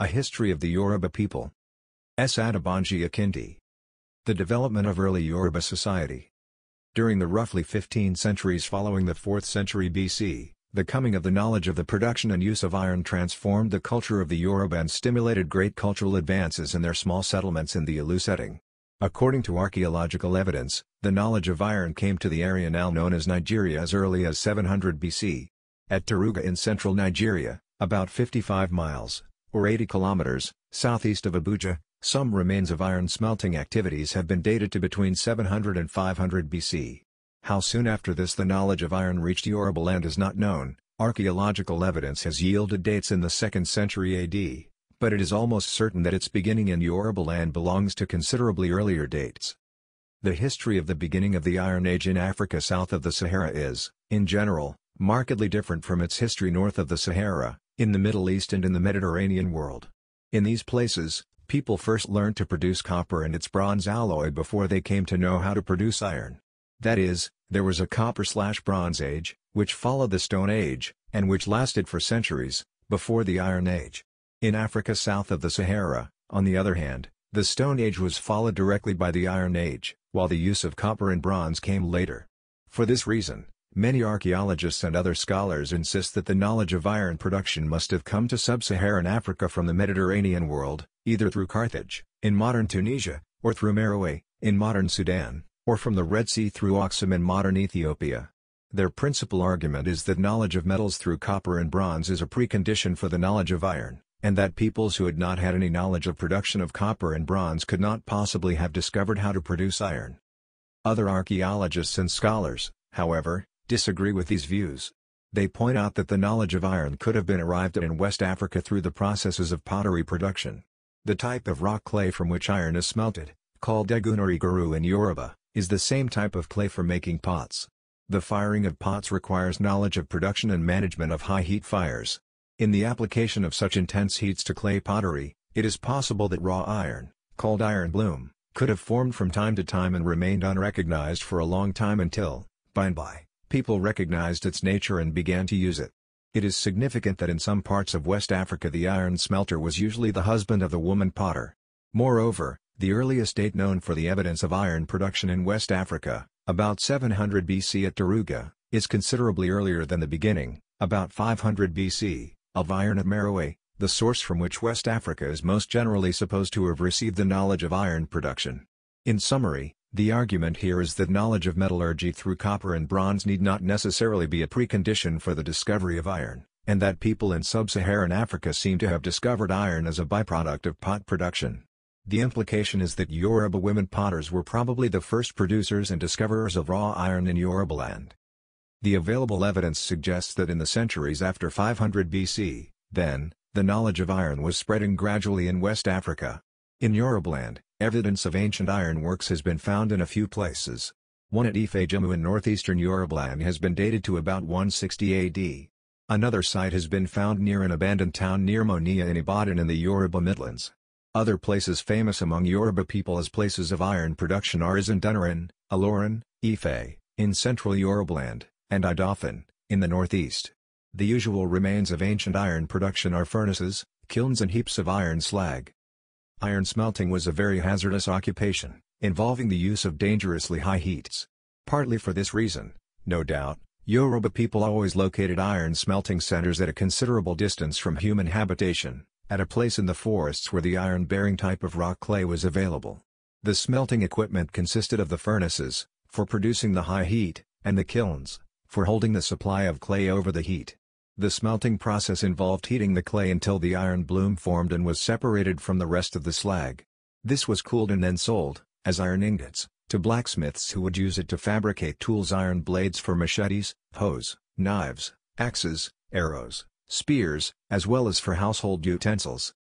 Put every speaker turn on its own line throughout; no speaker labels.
A History of the Yoruba People. S. Adabanji Akindi. The Development of Early Yoruba Society. During the roughly 15 centuries following the 4th century BC, the coming of the knowledge of the production and use of iron transformed the culture of the Yoruba and stimulated great cultural advances in their small settlements in the Ilu setting. According to archaeological evidence, the knowledge of iron came to the area now known as Nigeria as early as 700 BC. At Taruga in central Nigeria, about 55 miles or 80 kilometers, southeast of Abuja, some remains of iron smelting activities have been dated to between 700 and 500 BC. How soon after this the knowledge of iron reached land is not known, archaeological evidence has yielded dates in the 2nd century AD, but it is almost certain that its beginning in land belongs to considerably earlier dates. The history of the beginning of the Iron Age in Africa south of the Sahara is, in general, markedly different from its history north of the Sahara, in the Middle East and in the Mediterranean world. In these places, people first learned to produce copper and its bronze alloy before they came to know how to produce iron. That is, there was a copper-slash-bronze age, which followed the Stone Age, and which lasted for centuries, before the Iron Age. In Africa south of the Sahara, on the other hand, the Stone Age was followed directly by the Iron Age, while the use of copper and bronze came later. For this reason, Many archaeologists and other scholars insist that the knowledge of iron production must have come to sub-Saharan Africa from the Mediterranean world, either through Carthage, in modern Tunisia, or through Meroe, in modern Sudan, or from the Red Sea through Oxum in modern Ethiopia. Their principal argument is that knowledge of metals through copper and bronze is a precondition for the knowledge of iron, and that peoples who had not had any knowledge of production of copper and bronze could not possibly have discovered how to produce iron. Other archaeologists and scholars, however, disagree with these views. They point out that the knowledge of iron could have been arrived at in West Africa through the processes of pottery production. The type of rock clay from which iron is smelted, called Egunari or in Yoruba, is the same type of clay for making pots. The firing of pots requires knowledge of production and management of high heat fires. In the application of such intense heats to clay pottery, it is possible that raw iron, called iron bloom, could have formed from time to time and remained unrecognized for a long time until, by and by, people recognized its nature and began to use it. It is significant that in some parts of West Africa the iron smelter was usually the husband of the woman potter. Moreover, the earliest date known for the evidence of iron production in West Africa, about 700 BC at Daruga, is considerably earlier than the beginning, about 500 BC, of iron at Meroe, the source from which West Africa is most generally supposed to have received the knowledge of iron production. In summary, the argument here is that knowledge of metallurgy through copper and bronze need not necessarily be a precondition for the discovery of iron, and that people in sub-Saharan Africa seem to have discovered iron as a byproduct of pot production. The implication is that Yoruba women potters were probably the first producers and discoverers of raw iron in Yorubaland. The available evidence suggests that in the centuries after 500 BC, then, the knowledge of iron was spreading gradually in West Africa. In Yorubaland, Evidence of ancient ironworks has been found in a few places. One at Ife in northeastern Yorubaland has been dated to about 160 AD. Another site has been found near an abandoned town near Monia in Ibadan in the Yoruba Midlands. Other places famous among Yoruba people as places of iron production are Isandunaran, Aloran, Ife, in central Yorubaland, and Idofin, in the northeast. The usual remains of ancient iron production are furnaces, kilns and heaps of iron slag. Iron smelting was a very hazardous occupation, involving the use of dangerously high heats. Partly for this reason, no doubt, Yoruba people always located iron smelting centers at a considerable distance from human habitation, at a place in the forests where the iron-bearing type of rock clay was available. The smelting equipment consisted of the furnaces, for producing the high heat, and the kilns, for holding the supply of clay over the heat. The smelting process involved heating the clay until the iron bloom formed and was separated from the rest of the slag. This was cooled and then sold, as iron ingots, to blacksmiths who would use it to fabricate tools iron blades for machetes, hoes, knives, axes, arrows, spears, as well as for household utensils.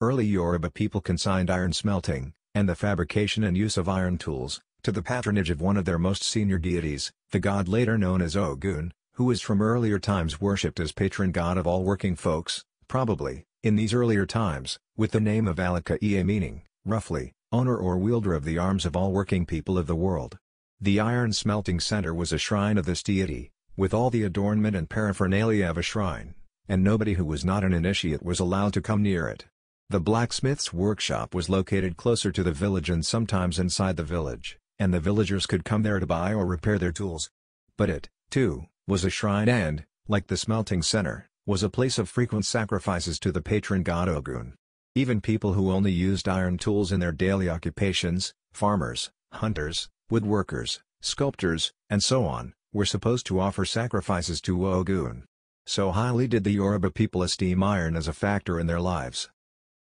Early Yoruba people consigned iron smelting, and the fabrication and use of iron tools, to the patronage of one of their most senior deities, the god later known as Ogun, who is from earlier times worshipped as patron god of all working folks, probably, in these earlier times, with the name of Ea meaning, roughly, owner or wielder of the arms of all working people of the world. The iron smelting center was a shrine of this deity, with all the adornment and paraphernalia of a shrine, and nobody who was not an initiate was allowed to come near it. The blacksmith's workshop was located closer to the village and sometimes inside the village, and the villagers could come there to buy or repair their tools. But it, too, was a shrine and, like the smelting center, was a place of frequent sacrifices to the patron god Ogun. Even people who only used iron tools in their daily occupations, farmers, hunters, woodworkers, sculptors, and so on, were supposed to offer sacrifices to Ogun. So highly did the Yoruba people esteem iron as a factor in their lives.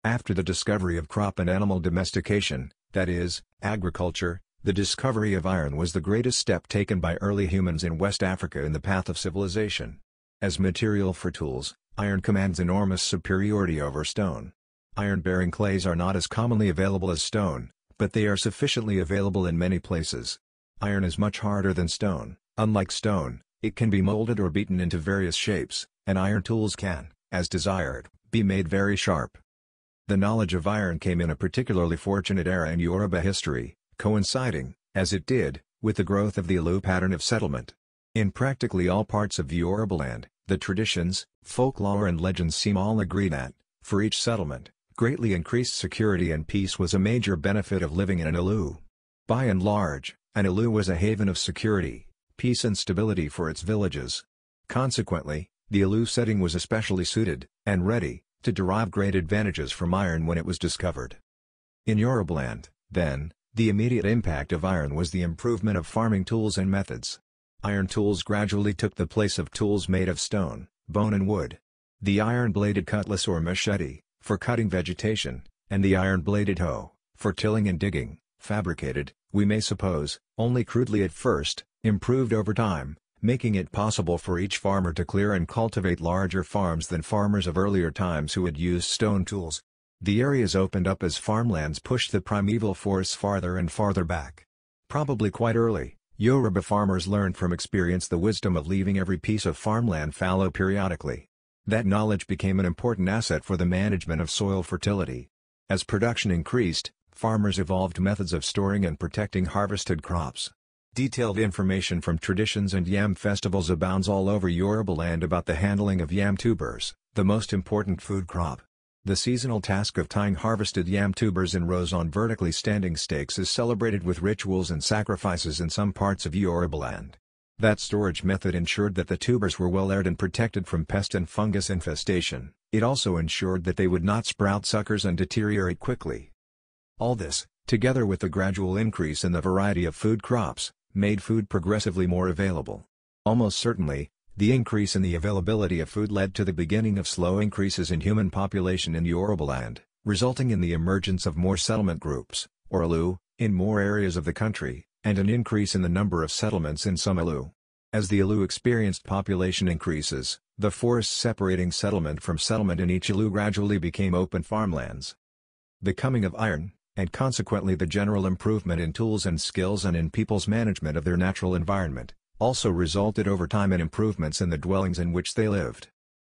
After the discovery of crop and animal domestication, that is, agriculture, the discovery of iron was the greatest step taken by early humans in West Africa in the path of civilization. As material for tools, iron commands enormous superiority over stone. Iron-bearing clays are not as commonly available as stone, but they are sufficiently available in many places. Iron is much harder than stone. Unlike stone, it can be molded or beaten into various shapes, and iron tools can, as desired, be made very sharp. The knowledge of iron came in a particularly fortunate era in Yoruba history, coinciding, as it did, with the growth of the Alu pattern of settlement. In practically all parts of Yorubaland, the traditions, folklore and legends seem all agree that, for each settlement, greatly increased security and peace was a major benefit of living in an Alu. By and large, an Alu was a haven of security, peace and stability for its villages. Consequently, the Alu setting was especially suited, and ready, to derive great advantages from iron when it was discovered. In Yorubaland, then, the immediate impact of iron was the improvement of farming tools and methods. Iron tools gradually took the place of tools made of stone, bone and wood. The iron-bladed cutlass or machete, for cutting vegetation, and the iron-bladed hoe, for tilling and digging, fabricated, we may suppose, only crudely at first, improved over time, making it possible for each farmer to clear and cultivate larger farms than farmers of earlier times who had used stone tools, the areas opened up as farmlands pushed the primeval forests farther and farther back. Probably quite early, Yoruba farmers learned from experience the wisdom of leaving every piece of farmland fallow periodically. That knowledge became an important asset for the management of soil fertility. As production increased, farmers evolved methods of storing and protecting harvested crops. Detailed information from traditions and yam festivals abounds all over Yoruba land about the handling of yam tubers, the most important food crop. The seasonal task of tying harvested yam tubers in rows on vertically standing stakes is celebrated with rituals and sacrifices in some parts of Yorubaland. That storage method ensured that the tubers were well aired and protected from pest and fungus infestation, it also ensured that they would not sprout suckers and deteriorate quickly. All this, together with the gradual increase in the variety of food crops, made food progressively more available. Almost certainly, the increase in the availability of food led to the beginning of slow increases in human population in land, resulting in the emergence of more settlement groups, or Alu, in more areas of the country, and an increase in the number of settlements in some Alu. As the Alu experienced population increases, the forests separating settlement from settlement in each Alu gradually became open farmlands. The coming of iron, and consequently the general improvement in tools and skills and in people's management of their natural environment, also resulted over time in improvements in the dwellings in which they lived.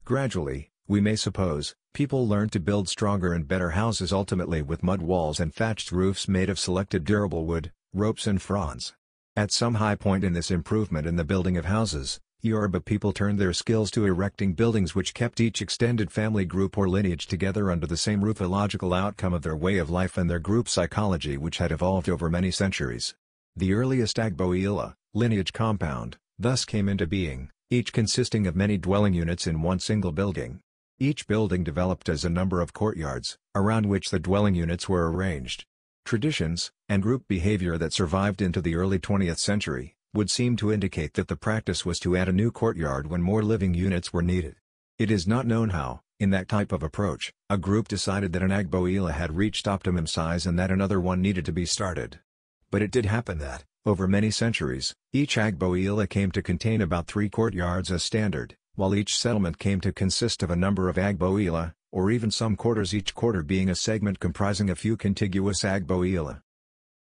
Gradually, we may suppose, people learned to build stronger and better houses ultimately with mud walls and thatched roofs made of selected durable wood, ropes and fronds. At some high point in this improvement in the building of houses, Yoruba people turned their skills to erecting buildings which kept each extended family group or lineage together under the same roof a logical outcome of their way of life and their group psychology which had evolved over many centuries. The earliest Agboila, lineage compound, thus came into being, each consisting of many dwelling units in one single building. Each building developed as a number of courtyards, around which the dwelling units were arranged. Traditions, and group behavior that survived into the early 20th century, would seem to indicate that the practice was to add a new courtyard when more living units were needed. It is not known how, in that type of approach, a group decided that an Agboila had reached optimum size and that another one needed to be started. But it did happen that, over many centuries, each Agboila came to contain about three courtyards as standard, while each settlement came to consist of a number of Agboila, or even some quarters each quarter being a segment comprising a few contiguous Agboila.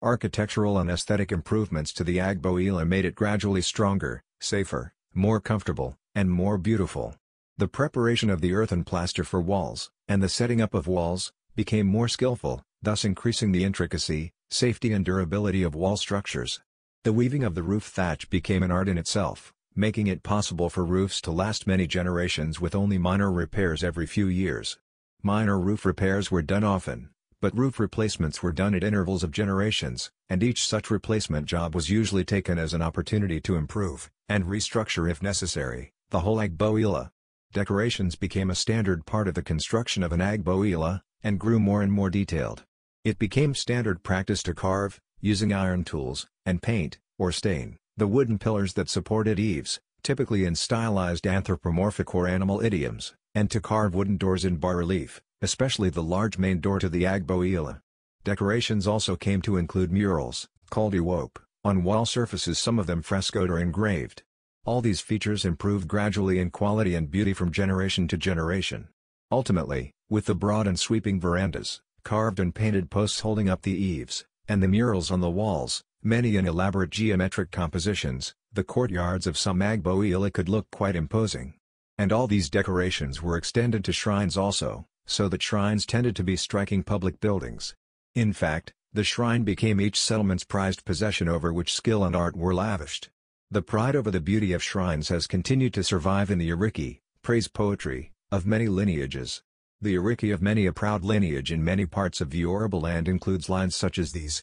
Architectural and aesthetic improvements to the Agboila made it gradually stronger, safer, more comfortable, and more beautiful. The preparation of the earth and plaster for walls, and the setting up of walls, became more skillful, thus increasing the intricacy, safety and durability of wall structures. The weaving of the roof thatch became an art in itself, making it possible for roofs to last many generations with only minor repairs every few years. Minor roof repairs were done often, but roof replacements were done at intervals of generations, and each such replacement job was usually taken as an opportunity to improve, and restructure if necessary, the whole Agboila. Decorations became a standard part of the construction of an Agboila, and grew more and more detailed. It became standard practice to carve, using iron tools, and paint, or stain, the wooden pillars that supported eaves, typically in stylized anthropomorphic or animal idioms, and to carve wooden doors in bas-relief, especially the large main door to the Agboila. Decorations also came to include murals, called iwope, on wall surfaces some of them frescoed or engraved. All these features improved gradually in quality and beauty from generation to generation. Ultimately, with the broad and sweeping verandas, carved and painted posts holding up the eaves, and the murals on the walls, many in elaborate geometric compositions, the courtyards of some magboila could look quite imposing. And all these decorations were extended to shrines also, so that shrines tended to be striking public buildings. In fact, the shrine became each settlement's prized possession over which skill and art were lavished. The pride over the beauty of shrines has continued to survive in the Ariki, praise poetry, of many lineages. The Ariki of many a proud lineage in many parts of the Yoruba land includes lines such as these.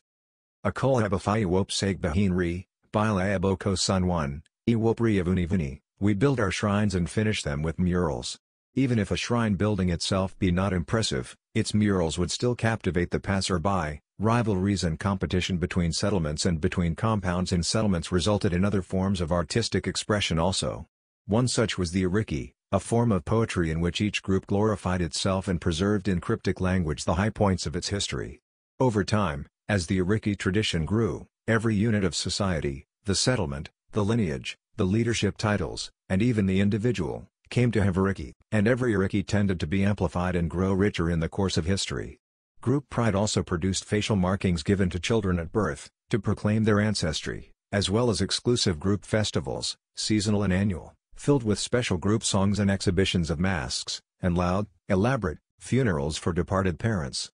Akola Abafayiwop Sagbahinri, Bila Aboko Sun 1, Iwopri of Univini, we build our shrines and finish them with murals. Even if a shrine building itself be not impressive, its murals would still captivate the passerby. Rivalries and competition between settlements and between compounds in settlements resulted in other forms of artistic expression also. One such was the Ariki, a form of poetry in which each group glorified itself and preserved in cryptic language the high points of its history. Over time, as the Ariki tradition grew, every unit of society, the settlement, the lineage, the leadership titles, and even the individual, came to have Ariki, and every Ariki tended to be amplified and grow richer in the course of history. Group pride also produced facial markings given to children at birth, to proclaim their ancestry, as well as exclusive group festivals, seasonal and annual filled with special group songs and exhibitions of masks, and loud, elaborate, funerals for departed parents.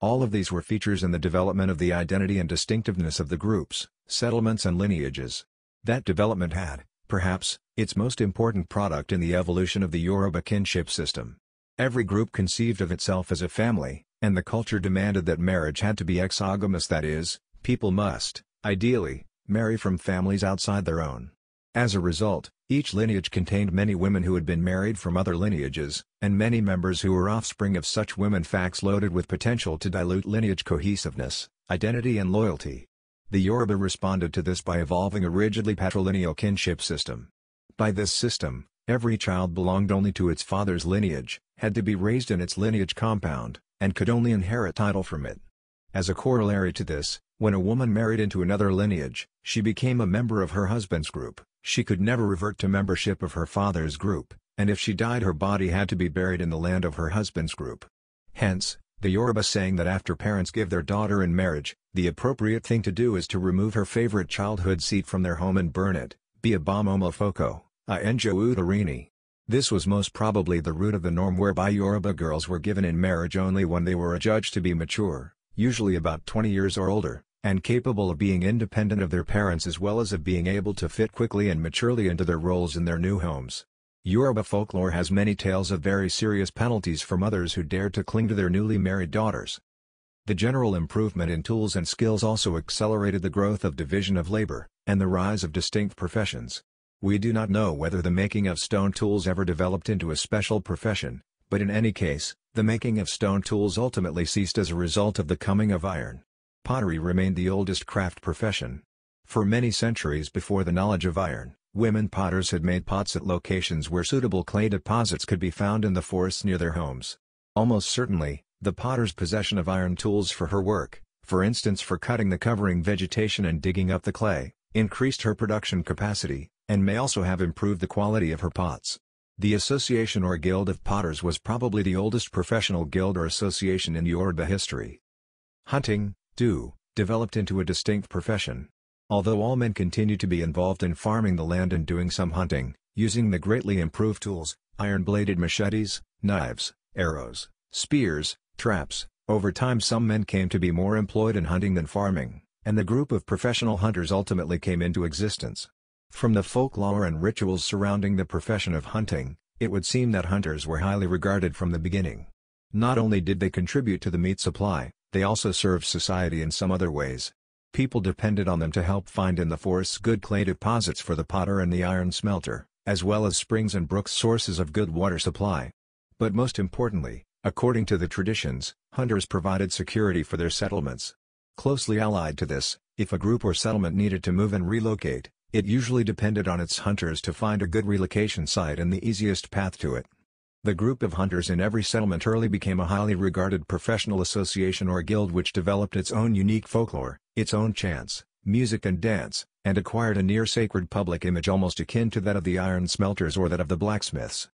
All of these were features in the development of the identity and distinctiveness of the groups, settlements and lineages. That development had, perhaps, its most important product in the evolution of the Yoruba kinship system. Every group conceived of itself as a family, and the culture demanded that marriage had to be exogamous that is, people must, ideally, marry from families outside their own. As a result, each lineage contained many women who had been married from other lineages, and many members who were offspring of such women facts loaded with potential to dilute lineage cohesiveness, identity and loyalty. The Yoruba responded to this by evolving a rigidly patrilineal kinship system. By this system, every child belonged only to its father's lineage, had to be raised in its lineage compound, and could only inherit title from it. As a corollary to this, when a woman married into another lineage, she became a member of her husband's group, she could never revert to membership of her father's group, and if she died her body had to be buried in the land of her husband's group. Hence, the Yoruba saying that after parents give their daughter in marriage, the appropriate thing to do is to remove her favorite childhood seat from their home and burn it, be a bomb a This was most probably the root of the norm whereby Yoruba girls were given in marriage only when they were adjudged to be mature, usually about 20 years or older and capable of being independent of their parents as well as of being able to fit quickly and maturely into their roles in their new homes. Yoruba folklore has many tales of very serious penalties for mothers who dare to cling to their newly married daughters. The general improvement in tools and skills also accelerated the growth of division of labor, and the rise of distinct professions. We do not know whether the making of stone tools ever developed into a special profession, but in any case, the making of stone tools ultimately ceased as a result of the coming of iron pottery remained the oldest craft profession. For many centuries before the knowledge of iron, women potters had made pots at locations where suitable clay deposits could be found in the forests near their homes. Almost certainly, the potter's possession of iron tools for her work, for instance for cutting the covering vegetation and digging up the clay, increased her production capacity, and may also have improved the quality of her pots. The association or guild of potters was probably the oldest professional guild or association in Yoruba history. Hunting, do, developed into a distinct profession. Although all men continued to be involved in farming the land and doing some hunting, using the greatly improved tools, iron-bladed machetes, knives, arrows, spears, traps, over time some men came to be more employed in hunting than farming, and the group of professional hunters ultimately came into existence. From the folklore and rituals surrounding the profession of hunting, it would seem that hunters were highly regarded from the beginning. Not only did they contribute to the meat supply, they also served society in some other ways. People depended on them to help find in the forests good clay deposits for the potter and the iron smelter, as well as springs and brooks sources of good water supply. But most importantly, according to the traditions, hunters provided security for their settlements. Closely allied to this, if a group or settlement needed to move and relocate, it usually depended on its hunters to find a good relocation site and the easiest path to it. The group of hunters in every settlement early became a highly regarded professional association or guild which developed its own unique folklore, its own chants, music and dance, and acquired a near-sacred public image almost akin to that of the iron smelters or that of the blacksmiths.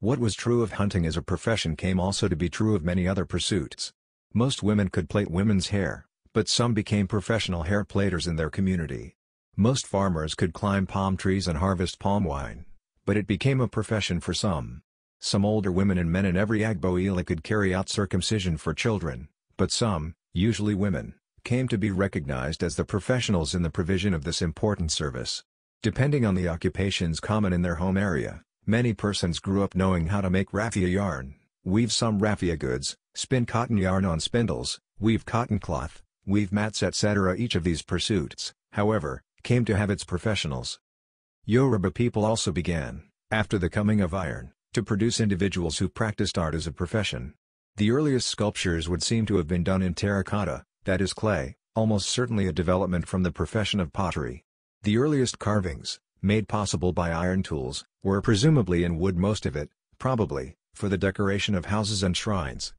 What was true of hunting as a profession came also to be true of many other pursuits. Most women could plait women's hair, but some became professional hair platers in their community. Most farmers could climb palm trees and harvest palm wine, but it became a profession for some. Some older women and men in every Agboila could carry out circumcision for children, but some, usually women, came to be recognized as the professionals in the provision of this important service. Depending on the occupations common in their home area, many persons grew up knowing how to make raffia yarn, weave some raffia goods, spin cotton yarn on spindles, weave cotton cloth, weave mats etc. Each of these pursuits, however, came to have its professionals. Yoruba people also began, after the coming of iron, to produce individuals who practiced art as a profession. The earliest sculptures would seem to have been done in terracotta, that is clay, almost certainly a development from the profession of pottery. The earliest carvings, made possible by iron tools, were presumably in wood most of it, probably, for the decoration of houses and shrines.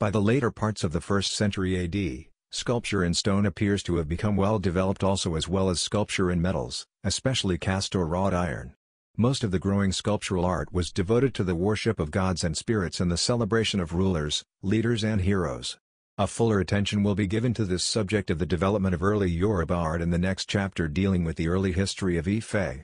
By the later parts of the 1st century AD, sculpture in stone appears to have become well developed also as well as sculpture in metals, especially cast or wrought iron. Most of the growing sculptural art was devoted to the worship of gods and spirits and the celebration of rulers, leaders and heroes. A fuller attention will be given to this subject of the development of early Yoruba art in the next chapter dealing with the early history of Ife.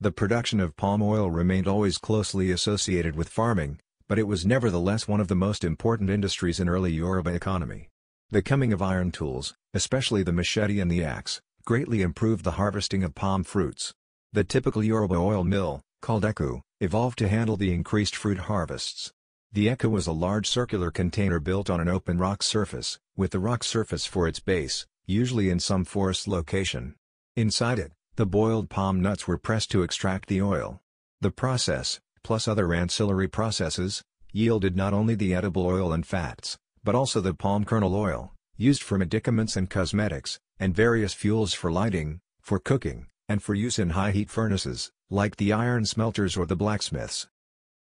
The production of palm oil remained always closely associated with farming, but it was nevertheless one of the most important industries in early Yoruba economy. The coming of iron tools, especially the machete and the axe, greatly improved the harvesting of palm fruits. The typical Yoruba oil mill, called Eku, evolved to handle the increased fruit harvests. The Eku was a large circular container built on an open rock surface, with the rock surface for its base, usually in some forest location. Inside it, the boiled palm nuts were pressed to extract the oil. The process, plus other ancillary processes, yielded not only the edible oil and fats, but also the palm kernel oil, used for medicaments and cosmetics, and various fuels for lighting, for cooking, and for use in high-heat furnaces, like the iron smelters or the blacksmiths.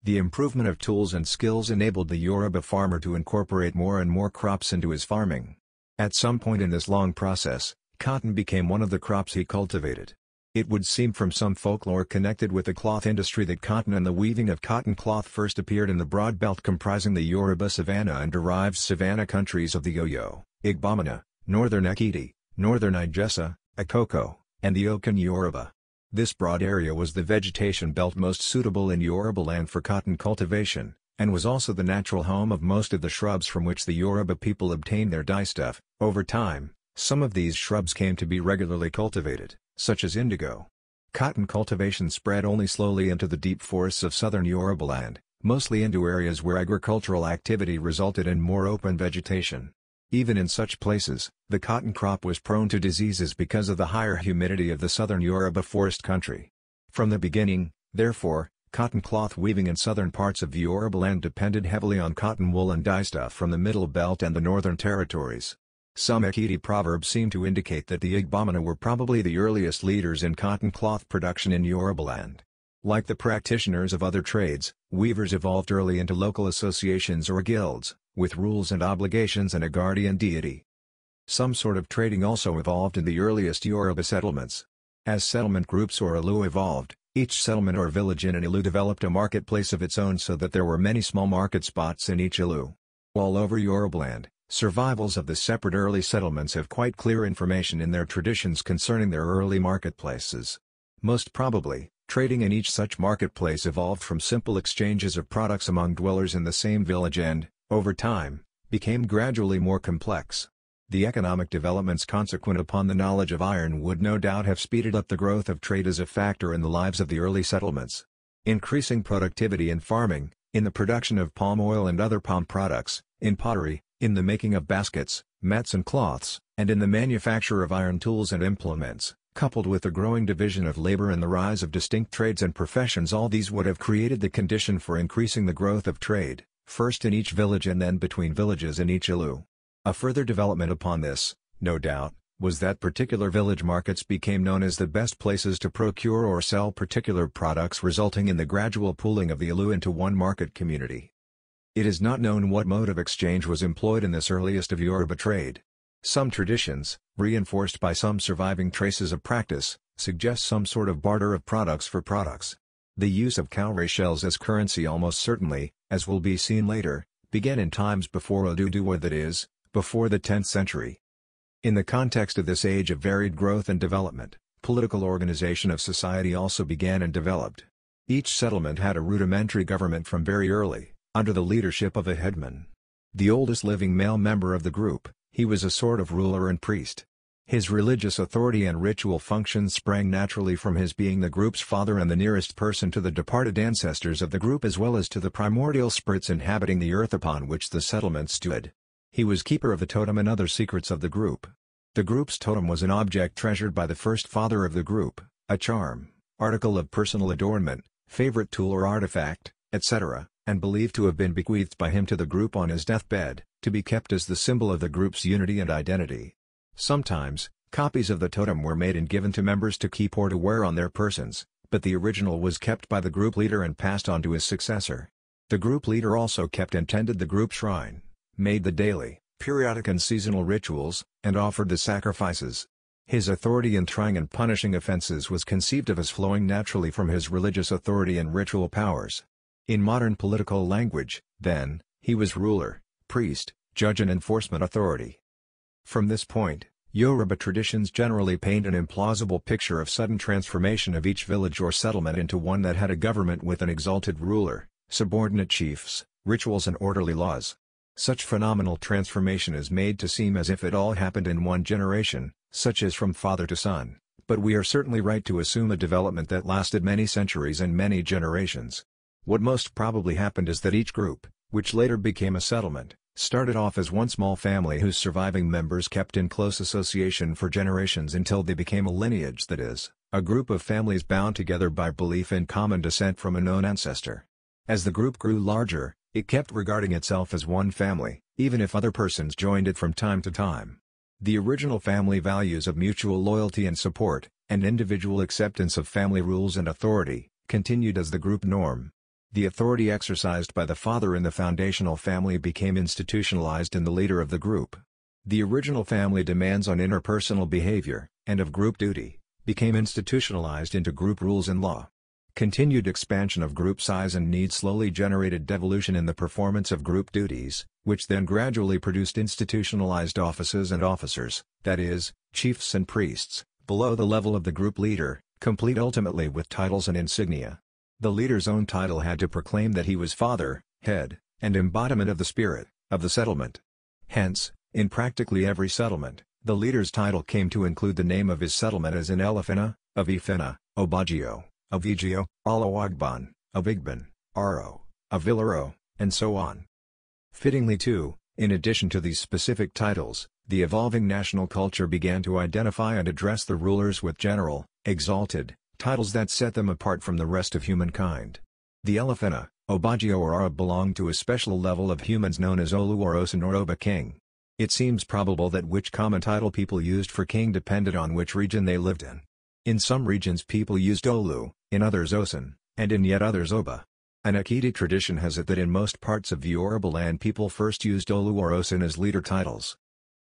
The improvement of tools and skills enabled the Yoruba farmer to incorporate more and more crops into his farming. At some point in this long process, cotton became one of the crops he cultivated. It would seem from some folklore connected with the cloth industry that cotton and the weaving of cotton cloth first appeared in the broad belt comprising the Yoruba savanna and derived savanna countries of the Oyo, Igbamina, northern Ekiti, northern Igesa, Akoko, and the oak Yoruba. This broad area was the vegetation belt most suitable in Yoruba land for cotton cultivation, and was also the natural home of most of the shrubs from which the Yoruba people obtained their dyestuff. Over time, some of these shrubs came to be regularly cultivated, such as indigo. Cotton cultivation spread only slowly into the deep forests of southern Yoruba land, mostly into areas where agricultural activity resulted in more open vegetation. Even in such places, the cotton crop was prone to diseases because of the higher humidity of the southern Yoruba forest country. From the beginning, therefore, cotton cloth weaving in southern parts of Yoruba land depended heavily on cotton wool and dyestuff from the Middle Belt and the Northern Territories. Some Ekiti proverbs seem to indicate that the Igbomina were probably the earliest leaders in cotton cloth production in Yorubaland. Like the practitioners of other trades, weavers evolved early into local associations or guilds, with rules and obligations and a guardian deity. Some sort of trading also evolved in the earliest Yoruba settlements. As settlement groups or Ilu evolved, each settlement or village in an Ilu developed a marketplace of its own so that there were many small market spots in each Ilu. All over land, survivals of the separate early settlements have quite clear information in their traditions concerning their early marketplaces. Most probably, trading in each such marketplace evolved from simple exchanges of products among dwellers in the same village and, over time, became gradually more complex. The economic developments consequent upon the knowledge of iron would no doubt have speeded up the growth of trade as a factor in the lives of the early settlements. Increasing productivity in farming, in the production of palm oil and other palm products, in pottery, in the making of baskets, mats and cloths, and in the manufacture of iron tools and implements, coupled with the growing division of labor and the rise of distinct trades and professions all these would have created the condition for increasing the growth of trade first in each village and then between villages in each ilu. A further development upon this, no doubt, was that particular village markets became known as the best places to procure or sell particular products resulting in the gradual pooling of the ilu into one market community. It is not known what mode of exchange was employed in this earliest of Yoruba trade. Some traditions, reinforced by some surviving traces of practice, suggest some sort of barter of products for products. The use of cowrie shells as currency almost certainly, as will be seen later, began in times before Oduduwa that is, before the 10th century. In the context of this age of varied growth and development, political organization of society also began and developed. Each settlement had a rudimentary government from very early, under the leadership of a headman. The oldest living male member of the group, he was a sort of ruler and priest. His religious authority and ritual functions sprang naturally from his being the group's father and the nearest person to the departed ancestors of the group as well as to the primordial spirits inhabiting the earth upon which the settlement stood. He was keeper of the totem and other secrets of the group. The group's totem was an object treasured by the first father of the group, a charm, article of personal adornment, favorite tool or artifact, etc., and believed to have been bequeathed by him to the group on his deathbed, to be kept as the symbol of the group's unity and identity. Sometimes, copies of the totem were made and given to members to keep or to wear on their persons, but the original was kept by the group leader and passed on to his successor. The group leader also kept and tended the group shrine, made the daily, periodic and seasonal rituals, and offered the sacrifices. His authority in trying and punishing offenses was conceived of as flowing naturally from his religious authority and ritual powers. In modern political language, then, he was ruler, priest, judge and enforcement authority. From this point, Yoruba traditions generally paint an implausible picture of sudden transformation of each village or settlement into one that had a government with an exalted ruler, subordinate chiefs, rituals and orderly laws. Such phenomenal transformation is made to seem as if it all happened in one generation, such as from father to son, but we are certainly right to assume a development that lasted many centuries and many generations. What most probably happened is that each group, which later became a settlement, Started off as one small family whose surviving members kept in close association for generations until they became a lineage that is, a group of families bound together by belief in common descent from a known ancestor. As the group grew larger, it kept regarding itself as one family, even if other persons joined it from time to time. The original family values of mutual loyalty and support, and individual acceptance of family rules and authority, continued as the group norm, the authority exercised by the father in the foundational family became institutionalized in the leader of the group. The original family demands on interpersonal behavior, and of group duty, became institutionalized into group rules and law. Continued expansion of group size and need slowly generated devolution in the performance of group duties, which then gradually produced institutionalized offices and officers, that is, chiefs and priests, below the level of the group leader, complete ultimately with titles and insignia. The leader's own title had to proclaim that he was father, head, and embodiment of the spirit, of the settlement. Hence, in practically every settlement, the leader's title came to include the name of his settlement as in Elephina, of Ifina, Obagio, of Vigio, Alawagban, of Igban, Aro, of and so on. Fittingly too, in addition to these specific titles, the evolving national culture began to identify and address the rulers with general, exalted, titles that set them apart from the rest of humankind. The Elephanta, obagio, or Ara belong to a special level of humans known as Olu or Osun or Oba King. It seems probable that which common title people used for king depended on which region they lived in. In some regions people used Olu, in others Osun, and in yet others Oba. An Akiti tradition has it that in most parts of the Yoruba land people first used Olu or Osun as leader titles.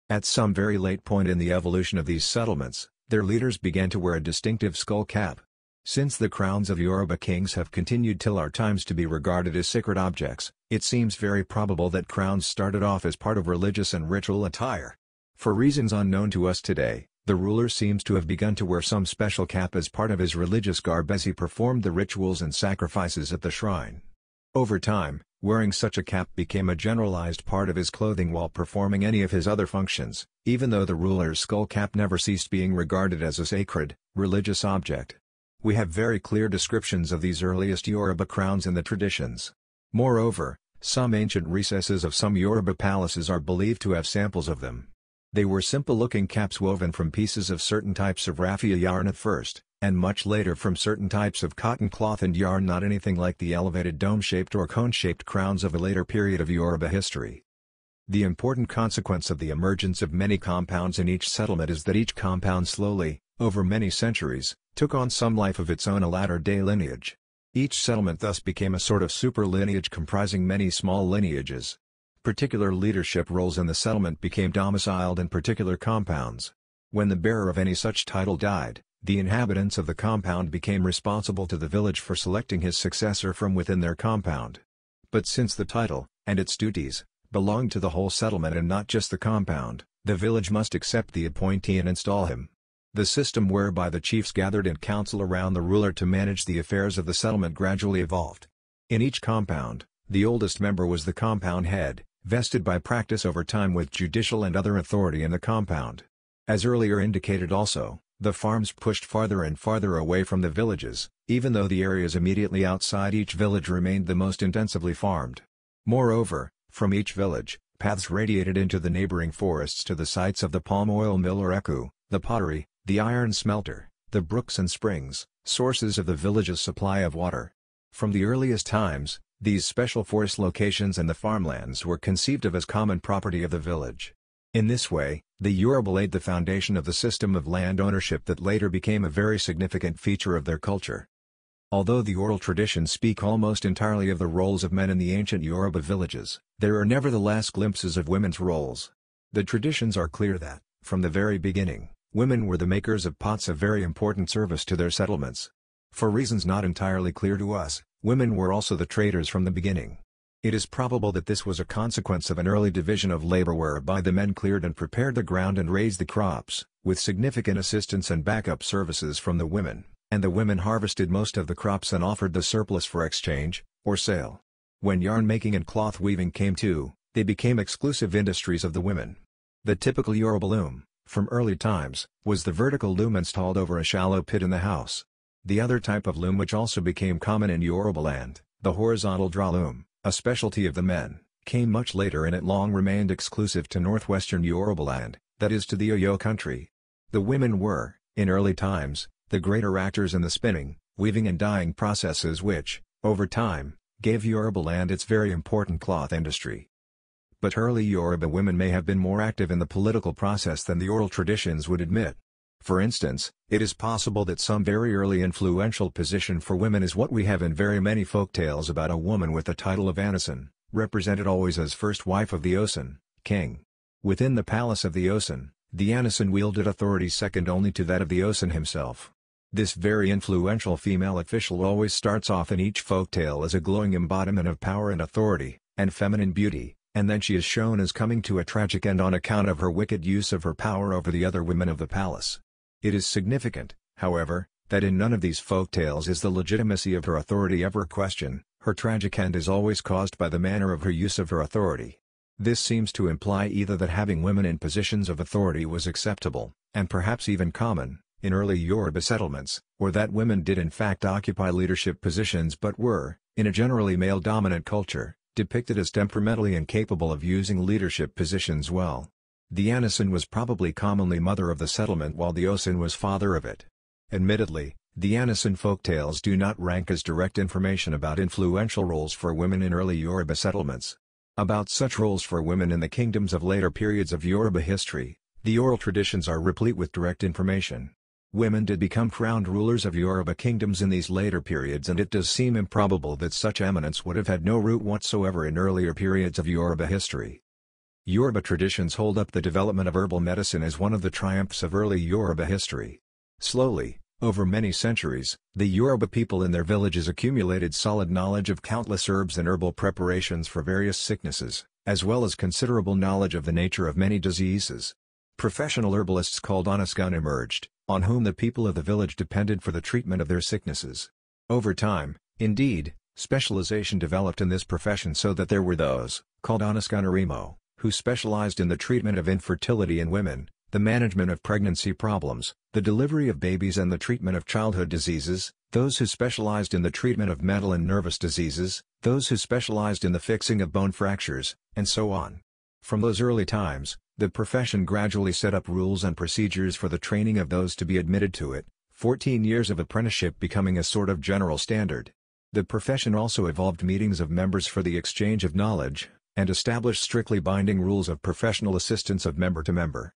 At some very late point in the evolution of these settlements, their leaders began to wear a distinctive skull cap. Since the crowns of Yoruba kings have continued till our times to be regarded as sacred objects, it seems very probable that crowns started off as part of religious and ritual attire. For reasons unknown to us today, the ruler seems to have begun to wear some special cap as part of his religious garb as he performed the rituals and sacrifices at the shrine. Over time, Wearing such a cap became a generalized part of his clothing while performing any of his other functions, even though the ruler's skull cap never ceased being regarded as a sacred, religious object. We have very clear descriptions of these earliest Yoruba crowns in the traditions. Moreover, some ancient recesses of some Yoruba palaces are believed to have samples of them. They were simple-looking caps woven from pieces of certain types of raffia yarn at first, and much later from certain types of cotton cloth and yarn not anything like the elevated dome-shaped or cone-shaped crowns of a later period of Yoruba history. The important consequence of the emergence of many compounds in each settlement is that each compound slowly, over many centuries, took on some life of its own a latter-day lineage. Each settlement thus became a sort of super-lineage comprising many small lineages. Particular leadership roles in the settlement became domiciled in particular compounds. When the bearer of any such title died, the inhabitants of the compound became responsible to the village for selecting his successor from within their compound. But since the title, and its duties, belonged to the whole settlement and not just the compound, the village must accept the appointee and install him. The system whereby the chiefs gathered in council around the ruler to manage the affairs of the settlement gradually evolved. In each compound, the oldest member was the compound head, vested by practice over time with judicial and other authority in the compound. As earlier indicated also, the farms pushed farther and farther away from the villages, even though the areas immediately outside each village remained the most intensively farmed. Moreover, from each village, paths radiated into the neighboring forests to the sites of the palm oil mill or ecu, the pottery, the iron smelter, the brooks and springs, sources of the village's supply of water. From the earliest times, these special forest locations and the farmlands were conceived of as common property of the village. In this way, the Yoruba laid the foundation of the system of land ownership that later became a very significant feature of their culture. Although the oral traditions speak almost entirely of the roles of men in the ancient Yoruba villages, there are nevertheless glimpses of women's roles. The traditions are clear that, from the very beginning, women were the makers of pots of very important service to their settlements. For reasons not entirely clear to us, women were also the traders from the beginning. It is probable that this was a consequence of an early division of labor whereby the men cleared and prepared the ground and raised the crops, with significant assistance and backup services from the women, and the women harvested most of the crops and offered the surplus for exchange, or sale. When yarn making and cloth weaving came to, they became exclusive industries of the women. The typical Yoruba loom, from early times, was the vertical loom installed over a shallow pit in the house. The other type of loom which also became common in Yoruba land, the horizontal draw loom, a specialty of the men, came much later and it long remained exclusive to northwestern Yorubaland, that is to the Oyo country. The women were, in early times, the greater actors in the spinning, weaving and dyeing processes which, over time, gave Yorubaland its very important cloth industry. But early Yoruba women may have been more active in the political process than the oral traditions would admit. For instance, it is possible that some very early influential position for women is what we have in very many folktales about a woman with the title of Anison, represented always as first wife of the Osun, king. Within the palace of the Osun, the Anison wielded authority second only to that of the Osun himself. This very influential female official always starts off in each folktale as a glowing embodiment of power and authority, and feminine beauty, and then she is shown as coming to a tragic end on account of her wicked use of her power over the other women of the palace. It is significant, however, that in none of these folk tales is the legitimacy of her authority ever questioned, her tragic end is always caused by the manner of her use of her authority. This seems to imply either that having women in positions of authority was acceptable, and perhaps even common, in early Yoruba settlements, or that women did in fact occupy leadership positions but were, in a generally male-dominant culture, depicted as temperamentally incapable of using leadership positions well. The Anisin was probably commonly mother of the settlement while the Osin was father of it. Admittedly, the Anisin folktales do not rank as direct information about influential roles for women in early Yoruba settlements. About such roles for women in the kingdoms of later periods of Yoruba history, the oral traditions are replete with direct information. Women did become crowned rulers of Yoruba kingdoms in these later periods and it does seem improbable that such eminence would have had no root whatsoever in earlier periods of Yoruba history. Yoruba traditions hold up the development of herbal medicine as one of the triumphs of early Yoruba history. Slowly, over many centuries, the Yoruba people in their villages accumulated solid knowledge of countless herbs and herbal preparations for various sicknesses, as well as considerable knowledge of the nature of many diseases. Professional herbalists called Onaskan emerged, on whom the people of the village depended for the treatment of their sicknesses. Over time, indeed, specialization developed in this profession so that there were those, called Onaskanarimo, who specialized in the treatment of infertility in women, the management of pregnancy problems, the delivery of babies and the treatment of childhood diseases, those who specialized in the treatment of mental and nervous diseases, those who specialized in the fixing of bone fractures, and so on. From those early times, the profession gradually set up rules and procedures for the training of those to be admitted to it, 14 years of apprenticeship becoming a sort of general standard. The profession also evolved meetings of members for the exchange of knowledge, and establish strictly binding rules of professional assistance of member to member.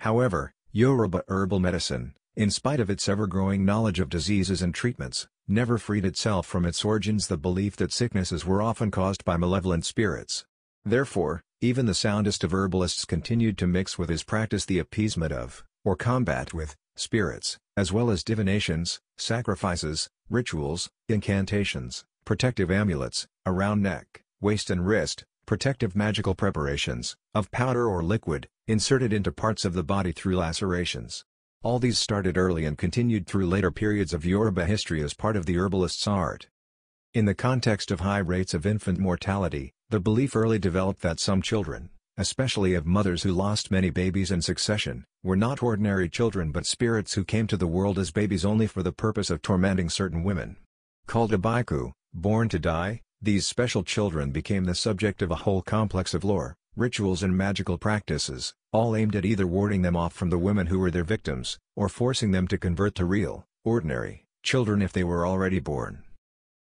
However, Yoruba herbal medicine, in spite of its ever-growing knowledge of diseases and treatments, never freed itself from its origins the belief that sicknesses were often caused by malevolent spirits. Therefore, even the soundest of herbalists continued to mix with his practice the appeasement of, or combat with, spirits, as well as divinations, sacrifices, rituals, incantations, protective amulets, around neck, waist and wrist, protective magical preparations, of powder or liquid, inserted into parts of the body through lacerations. All these started early and continued through later periods of Yoruba history as part of the herbalist's art. In the context of high rates of infant mortality, the belief early developed that some children, especially of mothers who lost many babies in succession, were not ordinary children but spirits who came to the world as babies only for the purpose of tormenting certain women. Called a baiku, born to die, these special children became the subject of a whole complex of lore, rituals and magical practices, all aimed at either warding them off from the women who were their victims, or forcing them to convert to real, ordinary, children if they were already born.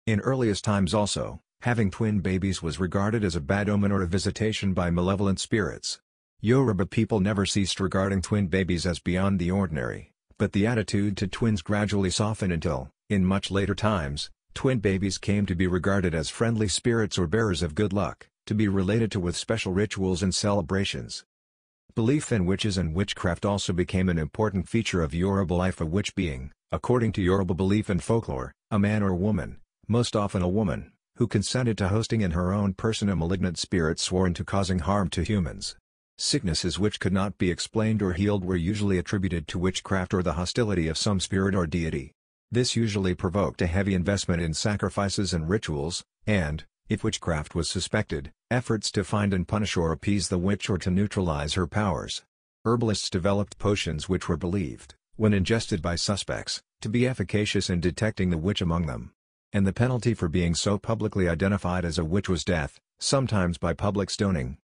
In earliest times also, having twin babies was regarded as a bad omen or a visitation by malevolent spirits. Yoruba people never ceased regarding twin babies as beyond the ordinary, but the attitude to twins gradually softened until, in much later times, Twin babies came to be regarded as friendly spirits or bearers of good luck, to be related to with special rituals and celebrations. Belief in witches and witchcraft also became an important feature of Yoruba life a witch being, according to Yoruba belief and folklore, a man or woman, most often a woman, who consented to hosting in her own person a malignant spirit sworn to causing harm to humans. Sicknesses which could not be explained or healed were usually attributed to witchcraft or the hostility of some spirit or deity. This usually provoked a heavy investment in sacrifices and rituals, and, if witchcraft was suspected, efforts to find and punish or appease the witch or to neutralize her powers. Herbalists developed potions which were believed, when ingested by suspects, to be efficacious in detecting the witch among them. And the penalty for being so publicly identified as a witch was death, sometimes by public stoning.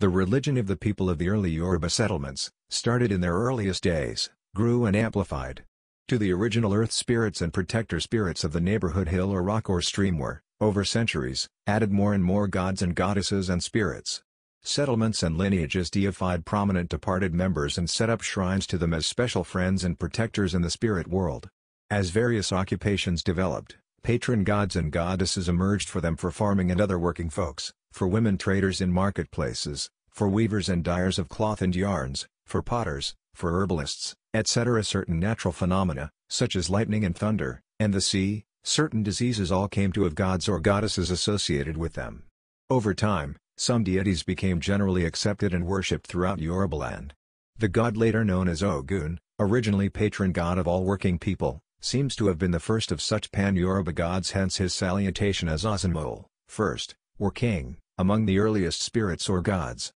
The religion of the people of the early Yoruba settlements, started in their earliest days, grew and amplified, to the original earth spirits and protector spirits of the neighborhood hill or rock or stream were, over centuries, added more and more gods and goddesses and spirits. Settlements and lineages deified prominent departed members and set up shrines to them as special friends and protectors in the spirit world. As various occupations developed, patron gods and goddesses emerged for them for farming and other working folks, for women traders in marketplaces, for weavers and dyers of cloth and yarns, for potters, for herbalists, etc. Certain natural phenomena, such as lightning and thunder, and the sea, certain diseases all came to have gods or goddesses associated with them. Over time, some deities became generally accepted and worshipped throughout Yorubaland. The god later known as Ogun, originally patron god of all working people, seems to have been the first of such pan-Yoruba gods hence his salutation as Ozanmol, first, or king, among the earliest spirits or gods.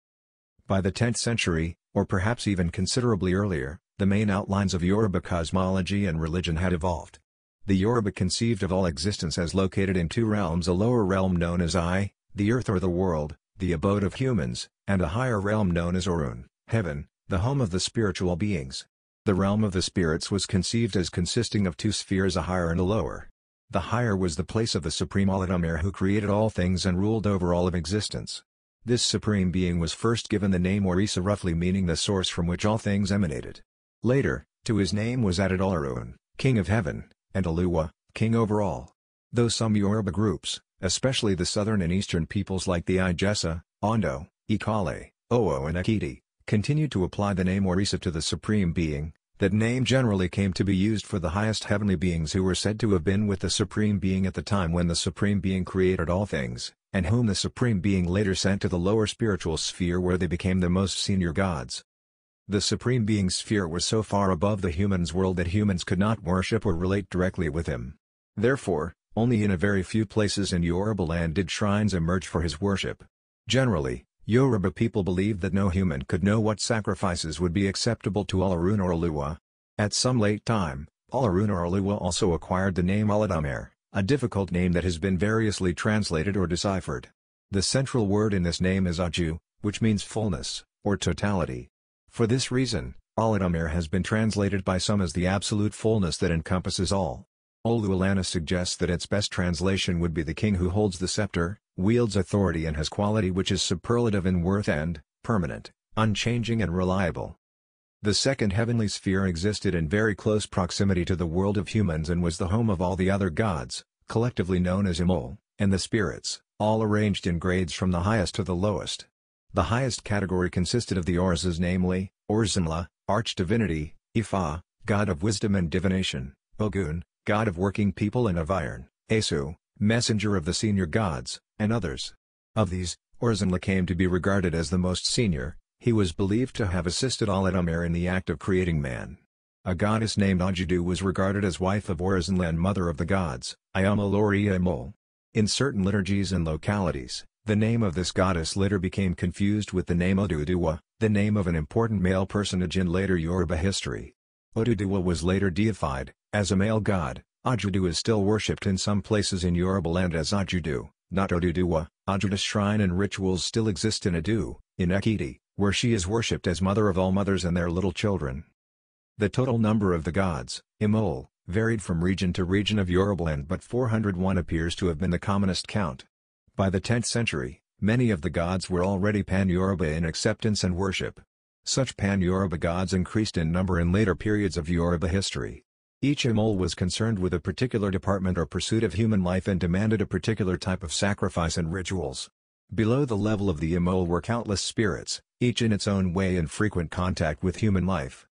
By the 10th century, or perhaps even considerably earlier, the main outlines of Yoruba cosmology and religion had evolved. The Yoruba conceived of all existence as located in two realms a lower realm known as I, the earth or the world, the abode of humans, and a higher realm known as Orun, heaven, the home of the spiritual beings. The realm of the spirits was conceived as consisting of two spheres a higher and a lower. The higher was the place of the Supreme Aladamir who created all things and ruled over all of existence. This Supreme Being was first given the name Orisa roughly meaning the source from which all things emanated. Later, to his name was added Olaroon, king of heaven, and Aluwa, king Overall. Though some Yoruba groups, especially the southern and eastern peoples like the Ijesa, Ondo, Ikale, Owo and Akiti, continued to apply the name Orisa to the Supreme Being, that name generally came to be used for the highest heavenly beings who were said to have been with the Supreme Being at the time when the Supreme Being created all things, and whom the Supreme Being later sent to the lower spiritual sphere where they became the most senior gods. The Supreme Being's sphere was so far above the human's world that humans could not worship or relate directly with him. Therefore, only in a very few places in Yoruba land did shrines emerge for his worship. Generally, Yoruba people believed that no human could know what sacrifices would be acceptable to Olarun or Oluwa. At some late time, Olarun or Oluwa also acquired the name Aladamer, a difficult name that has been variously translated or deciphered. The central word in this name is Aju, which means fullness, or totality. For this reason, al has been translated by some as the absolute fullness that encompasses all. Oluwalana suggests that its best translation would be the king who holds the scepter, wields authority and has quality which is superlative in worth and, permanent, unchanging and reliable. The second heavenly sphere existed in very close proximity to the world of humans and was the home of all the other gods, collectively known as Imol, and the spirits, all arranged in grades from the highest to the lowest. The highest category consisted of the Orzas namely, Orzinla, Archdivinity, Ifa, God of Wisdom and Divination, Ogun, God of Working People and of Iron, Asu, Messenger of the Senior Gods, and others. Of these, Orzinla came to be regarded as the most senior, he was believed to have assisted Aladamir in the act of creating man. A goddess named Ajidu was regarded as wife of Orzimla and mother of the gods, Iama Loria Imol. In certain liturgies and localities, the name of this goddess later became confused with the name Oduduwa, the name of an important male personage in later Yoruba history. Oduduwa was later deified, as a male god, Ajudu is still worshipped in some places in Yoruba land as Ajudu, not Oduduwa. Ajuda's shrine and rituals still exist in Adu, in Ekiti, where she is worshipped as mother of all mothers and their little children. The total number of the gods, Imol, varied from region to region of Yorubaland but 401 appears to have been the commonest count. By the 10th century, many of the gods were already pan-Yoruba in acceptance and worship. Such pan-Yoruba gods increased in number in later periods of Yoruba history. Each Imol was concerned with a particular department or pursuit of human life and demanded a particular type of sacrifice and rituals. Below the level of the Imol were countless spirits, each in its own way in frequent contact with human life.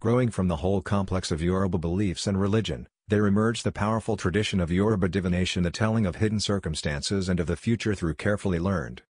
Growing from the whole complex of Yoruba beliefs and religion, there emerged the powerful tradition of Yoruba divination the telling of hidden circumstances and of the future through carefully learned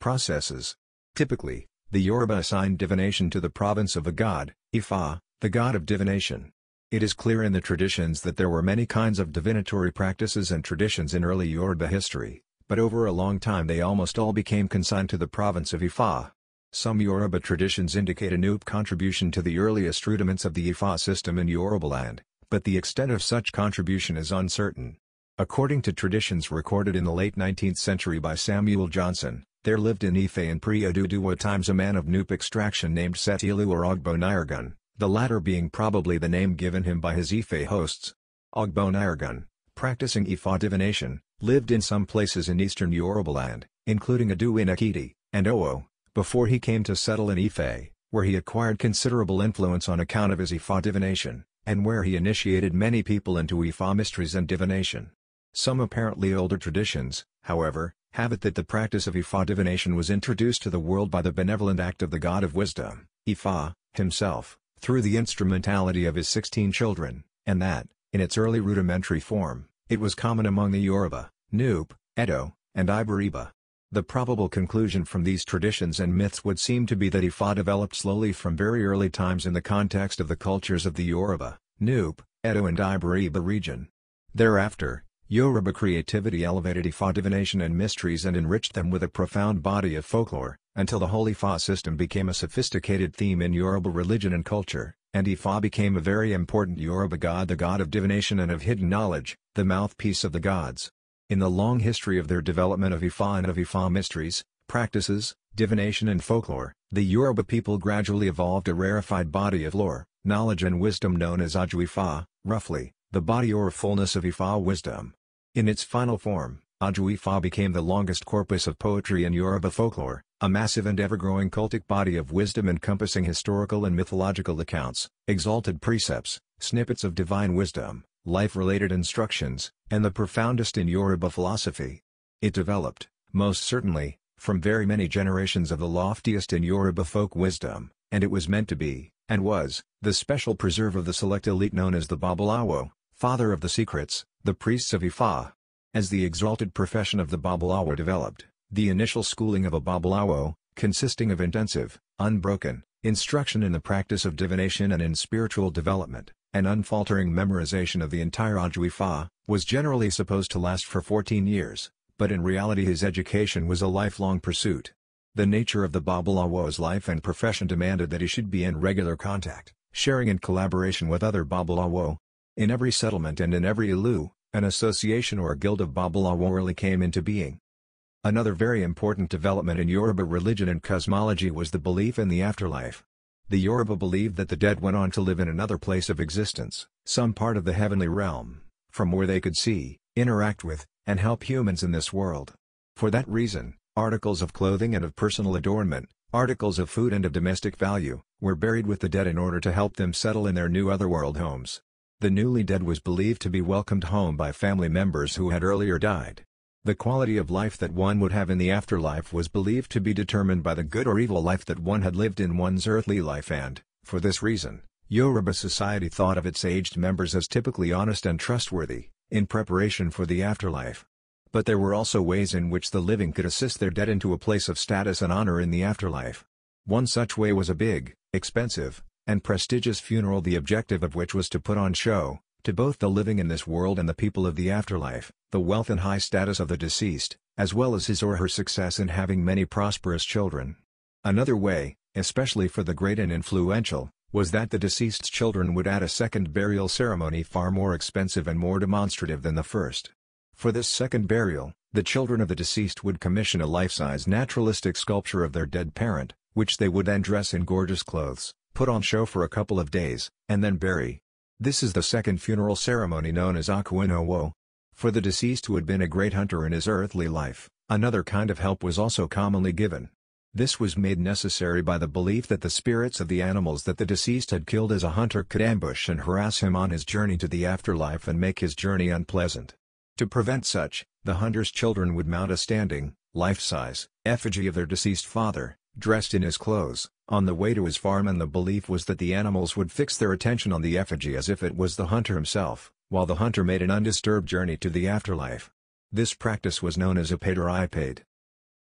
processes. Typically, the Yoruba assigned divination to the province of a god, Ifa, the god of divination. It is clear in the traditions that there were many kinds of divinatory practices and traditions in early Yoruba history, but over a long time they almost all became consigned to the province of Ifa. Some Yoruba traditions indicate a Anup contribution to the earliest rudiments of the Ifa system in Yorubaland, but the extent of such contribution is uncertain. According to traditions recorded in the late 19th century by Samuel Johnson, there lived in Ife and Pre-Oduduwa times a man of Nupe extraction named Setilu or Ogboniargun, the latter being probably the name given him by his Ife hosts. Ogboniargun, practicing Ifa divination, lived in some places in eastern Yorubaland, including Adu in Akiti, and Owo, before he came to settle in Ife, where he acquired considerable influence on account of his Ifa divination and where he initiated many people into Ifa mysteries and divination. Some apparently older traditions, however, have it that the practice of Ifa divination was introduced to the world by the benevolent act of the god of wisdom, Ifa, himself, through the instrumentality of his sixteen children, and that, in its early rudimentary form, it was common among the Yoruba, Nupe, Edo, and Iberiba. The probable conclusion from these traditions and myths would seem to be that Ifa developed slowly from very early times in the context of the cultures of the Yoruba, Nupe, Edo and Iberiba region. Thereafter, Yoruba creativity elevated Ifa divination and mysteries and enriched them with a profound body of folklore, until the whole Ifa system became a sophisticated theme in Yoruba religion and culture, and Ifa became a very important Yoruba god the god of divination and of hidden knowledge, the mouthpiece of the gods. In the long history of their development of Ifa and of Ifa mysteries, practices, divination and folklore, the Yoruba people gradually evolved a rarefied body of lore, knowledge and wisdom known as Aju Ifa, roughly, the body or fullness of Ifa wisdom. In its final form, Aju Ifa became the longest corpus of poetry in Yoruba folklore, a massive and ever-growing cultic body of wisdom encompassing historical and mythological accounts, exalted precepts, snippets of divine wisdom, life-related instructions, and the profoundest in Yoruba philosophy. It developed, most certainly, from very many generations of the loftiest in Yoruba folk wisdom, and it was meant to be, and was, the special preserve of the select elite known as the Babalawo, father of the secrets, the priests of Ifa. As the exalted profession of the Babalawo developed, the initial schooling of a Babalawo, consisting of intensive, unbroken, instruction in the practice of divination and in spiritual development, an unfaltering memorization of the entire Ajui Fa was generally supposed to last for 14 years, but in reality his education was a lifelong pursuit. The nature of the Babalawo's life and profession demanded that he should be in regular contact, sharing and collaboration with other Babalawo. In every settlement and in every ilu, an association or guild of Babalawo early came into being. Another very important development in Yoruba religion and cosmology was the belief in the afterlife. The Yoruba believed that the dead went on to live in another place of existence, some part of the heavenly realm, from where they could see, interact with, and help humans in this world. For that reason, articles of clothing and of personal adornment, articles of food and of domestic value, were buried with the dead in order to help them settle in their new otherworld homes. The newly dead was believed to be welcomed home by family members who had earlier died. The quality of life that one would have in the afterlife was believed to be determined by the good or evil life that one had lived in one's earthly life and, for this reason, Yoruba society thought of its aged members as typically honest and trustworthy, in preparation for the afterlife. But there were also ways in which the living could assist their dead into a place of status and honor in the afterlife. One such way was a big, expensive, and prestigious funeral the objective of which was to put on show, to both the living in this world and the people of the afterlife, the wealth and high status of the deceased, as well as his or her success in having many prosperous children. Another way, especially for the great and influential, was that the deceased's children would add a second burial ceremony far more expensive and more demonstrative than the first. For this second burial, the children of the deceased would commission a life-size naturalistic sculpture of their dead parent, which they would then dress in gorgeous clothes, put on show for a couple of days, and then bury. This is the second funeral ceremony known as Akuinowo. For the deceased who had been a great hunter in his earthly life, another kind of help was also commonly given. This was made necessary by the belief that the spirits of the animals that the deceased had killed as a hunter could ambush and harass him on his journey to the afterlife and make his journey unpleasant. To prevent such, the hunter's children would mount a standing, life-size, effigy of their deceased father, dressed in his clothes, on the way to his farm and the belief was that the animals would fix their attention on the effigy as if it was the hunter himself, while the hunter made an undisturbed journey to the afterlife. This practice was known as a pater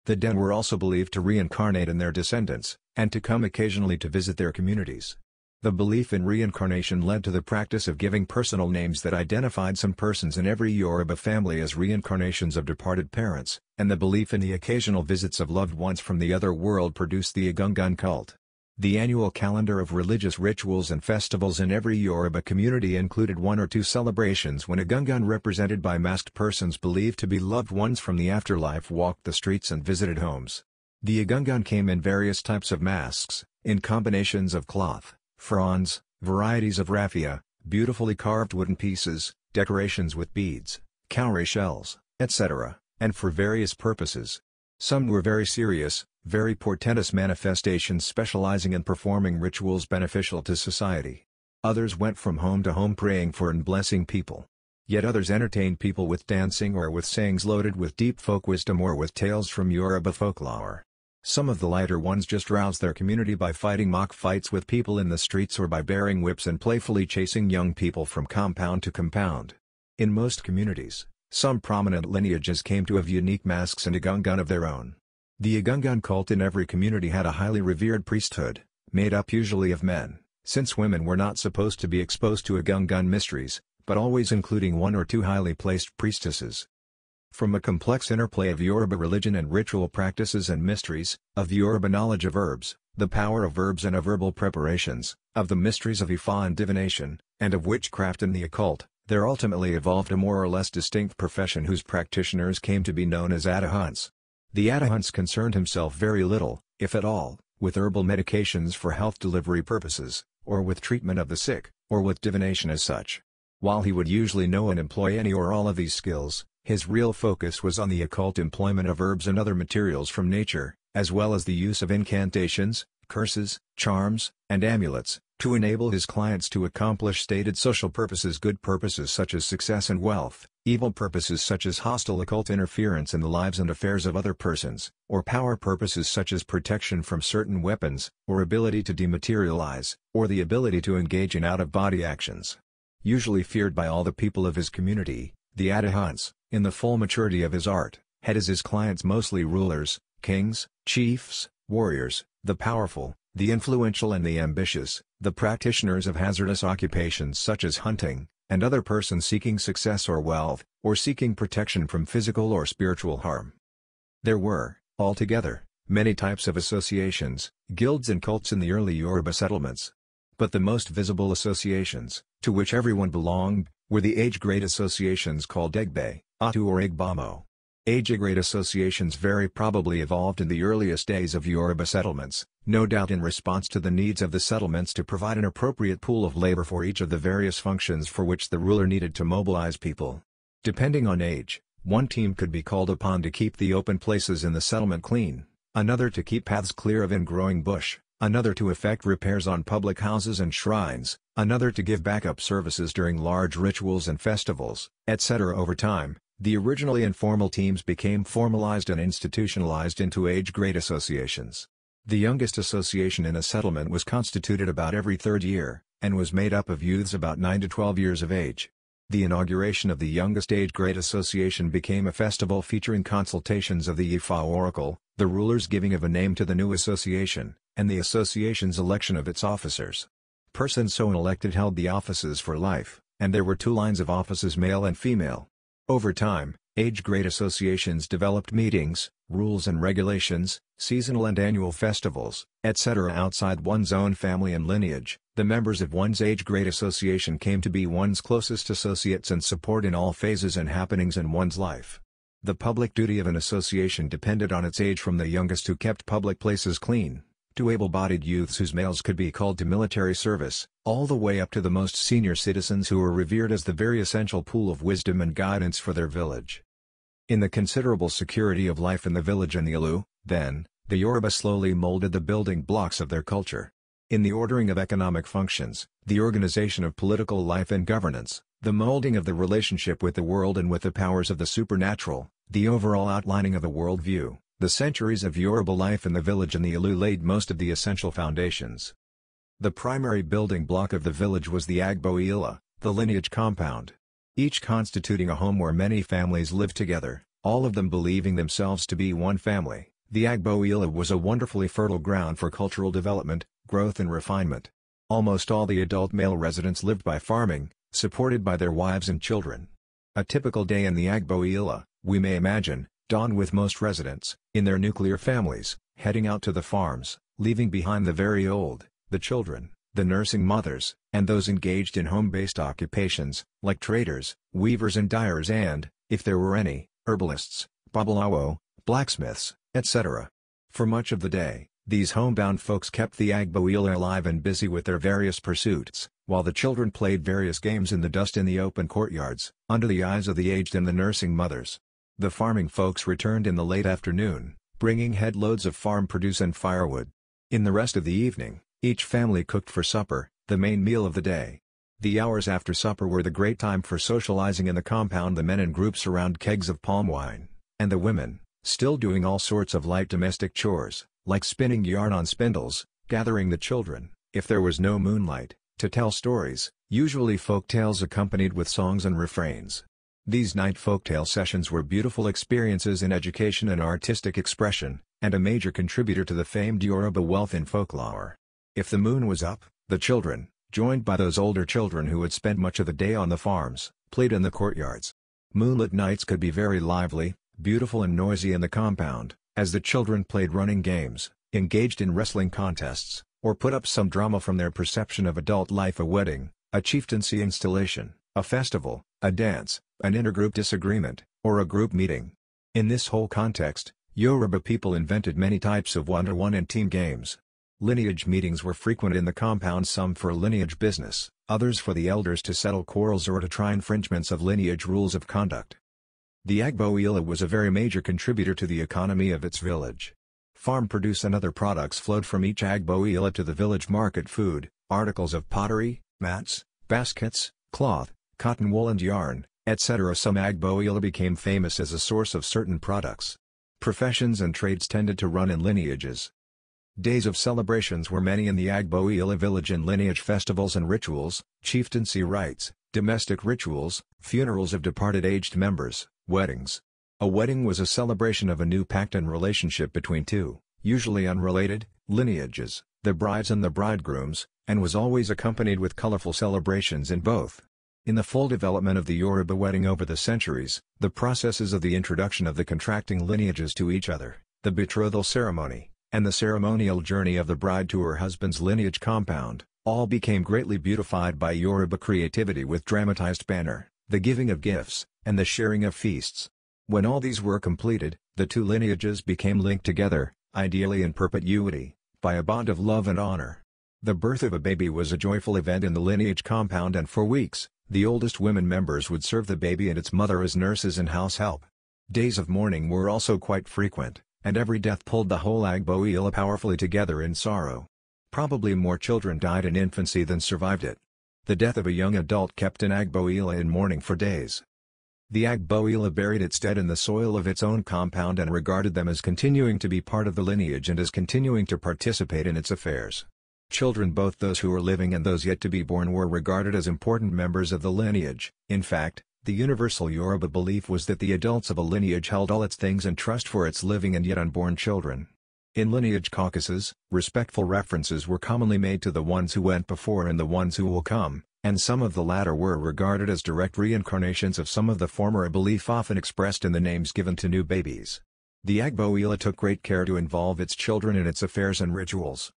The Den were also believed to reincarnate in their descendants, and to come occasionally to visit their communities. The belief in reincarnation led to the practice of giving personal names that identified some persons in every Yoruba family as reincarnations of departed parents, and the belief in the occasional visits of loved ones from the other world produced the Agungun cult. The annual calendar of religious rituals and festivals in every Yoruba community included one or two celebrations when Agungun represented by masked persons believed to be loved ones from the afterlife walked the streets and visited homes. The Agungun came in various types of masks, in combinations of cloth, fronds, varieties of raffia, beautifully carved wooden pieces, decorations with beads, cowrie shells, etc., and for various purposes. Some were very serious, very portentous manifestations specializing in performing rituals beneficial to society. Others went from home to home praying for and blessing people. Yet others entertained people with dancing or with sayings loaded with deep folk wisdom or with tales from Yoruba folklore. Some of the lighter ones just rouse their community by fighting mock fights with people in the streets or by bearing whips and playfully chasing young people from compound to compound. In most communities, some prominent lineages came to have unique masks and Agungun of their own. The Agungun cult in every community had a highly revered priesthood, made up usually of men, since women were not supposed to be exposed to Agungun mysteries, but always including one or two highly placed priestesses. From a complex interplay of Yoruba religion and ritual practices and mysteries, of the Yoruba knowledge of herbs, the power of herbs and of herbal preparations, of the mysteries of Ifa and divination, and of witchcraft and the occult, there ultimately evolved a more or less distinct profession whose practitioners came to be known as Adahunts. The Adahunts concerned himself very little, if at all, with herbal medications for health delivery purposes, or with treatment of the sick, or with divination as such. While he would usually know and employ any or all of these skills, his real focus was on the occult employment of herbs and other materials from nature, as well as the use of incantations, curses, charms, and amulets, to enable his clients to accomplish stated social purposes good purposes such as success and wealth, evil purposes such as hostile occult interference in the lives and affairs of other persons, or power purposes such as protection from certain weapons, or ability to dematerialize, or the ability to engage in out-of-body actions. Usually feared by all the people of his community, the Adahants, in the full maturity of his art, had as his clients mostly rulers, kings, chiefs, warriors, the powerful, the influential and the ambitious, the practitioners of hazardous occupations such as hunting, and other persons seeking success or wealth, or seeking protection from physical or spiritual harm. There were, altogether, many types of associations, guilds and cults in the early Yoruba settlements. But the most visible associations, to which everyone belonged, were the age-grade associations called Egbe, Atu or Igbamo. Age-grade associations very probably evolved in the earliest days of Yoruba settlements, no doubt in response to the needs of the settlements to provide an appropriate pool of labor for each of the various functions for which the ruler needed to mobilize people. Depending on age, one team could be called upon to keep the open places in the settlement clean, another to keep paths clear of ingrowing bush, another to effect repairs on public houses and shrines, another to give backup services during large rituals and festivals, etc. Over time, the originally informal teams became formalized and institutionalized into age grade associations. The youngest association in a settlement was constituted about every third year, and was made up of youths about 9 to 12 years of age. The inauguration of the youngest age grade association became a festival featuring consultations of the Ifa Oracle, the ruler's giving of a name to the new association, and the association's election of its officers. Persons so elected held the offices for life, and there were two lines of offices male and female. Over time, age grade associations developed meetings, rules and regulations, seasonal and annual festivals, etc. outside one's own family and lineage. The members of one's age grade association came to be one's closest associates and support in all phases and happenings in one's life. The public duty of an association depended on its age from the youngest who kept public places clean to able-bodied youths whose males could be called to military service, all the way up to the most senior citizens who were revered as the very essential pool of wisdom and guidance for their village. In the considerable security of life in the village and the Alu, then, the Yoruba slowly molded the building blocks of their culture. In the ordering of economic functions, the organization of political life and governance, the molding of the relationship with the world and with the powers of the supernatural, the overall outlining of the worldview, the centuries of Yoruba life in the village and the Ilu laid most of the essential foundations. The primary building block of the village was the Agbo Ila, the lineage compound. Each constituting a home where many families lived together, all of them believing themselves to be one family, the Agbo Ila was a wonderfully fertile ground for cultural development, growth and refinement. Almost all the adult male residents lived by farming, supported by their wives and children. A typical day in the Agbo Ila, we may imagine, dawn with most residents, in their nuclear families, heading out to the farms, leaving behind the very old, the children, the nursing mothers, and those engaged in home-based occupations, like traders, weavers and dyers and, if there were any, herbalists, babalawo, blacksmiths, etc. For much of the day, these homebound folks kept the Agboila alive and busy with their various pursuits, while the children played various games in the dust in the open courtyards, under the eyes of the aged and the nursing mothers. The farming folks returned in the late afternoon, bringing headloads of farm produce and firewood. In the rest of the evening, each family cooked for supper, the main meal of the day. The hours after supper were the great time for socializing in the compound the men in groups around kegs of palm wine, and the women, still doing all sorts of light domestic chores, like spinning yarn on spindles, gathering the children, if there was no moonlight, to tell stories, usually folk tales accompanied with songs and refrains. These night folktale sessions were beautiful experiences in education and artistic expression, and a major contributor to the famed Yoruba wealth in folklore. If the moon was up, the children, joined by those older children who had spent much of the day on the farms, played in the courtyards. Moonlit nights could be very lively, beautiful and noisy in the compound, as the children played running games, engaged in wrestling contests, or put up some drama from their perception of adult life a wedding, a chieftaincy installation, a festival, a dance, an intergroup disagreement, or a group meeting. In this whole context, Yoruba people invented many types of one-to-one -one and team games. Lineage meetings were frequent in the compound some for lineage business, others for the elders to settle quarrels or to try infringements of lineage rules of conduct. The Agbo Ila was a very major contributor to the economy of its village. Farm produce and other products flowed from each Agbo Ila to the village market food, articles of pottery, mats, baskets, cloth, cotton wool and yarn, etc. Some Agboila became famous as a source of certain products. Professions and trades tended to run in lineages. Days of celebrations were many in the Agboila village in lineage festivals and rituals, chieftaincy rites, domestic rituals, funerals of departed aged members, weddings. A wedding was a celebration of a new pact and relationship between two, usually unrelated, lineages, the brides and the bridegrooms, and was always accompanied with colorful celebrations in both. In the full development of the Yoruba wedding over the centuries, the processes of the introduction of the contracting lineages to each other, the betrothal ceremony, and the ceremonial journey of the bride to her husband's lineage compound, all became greatly beautified by Yoruba creativity with dramatized banner, the giving of gifts, and the sharing of feasts. When all these were completed, the two lineages became linked together, ideally in perpetuity, by a bond of love and honor. The birth of a baby was a joyful event in the lineage compound and for weeks, the oldest women members would serve the baby and its mother as nurses and house help. Days of mourning were also quite frequent, and every death pulled the whole Agboila powerfully together in sorrow. Probably more children died in infancy than survived it. The death of a young adult kept an Agboila in mourning for days. The Agboila buried its dead in the soil of its own compound and regarded them as continuing to be part of the lineage and as continuing to participate in its affairs. Children both those who were living and those yet to be born were regarded as important members of the lineage, in fact, the universal Yoruba belief was that the adults of a lineage held all its things and trust for its living and yet unborn children. In lineage caucuses, respectful references were commonly made to the ones who went before and the ones who will come, and some of the latter were regarded as direct reincarnations of some of the former a belief often expressed in the names given to new babies. The Agboila took great care to involve its children in its affairs and rituals.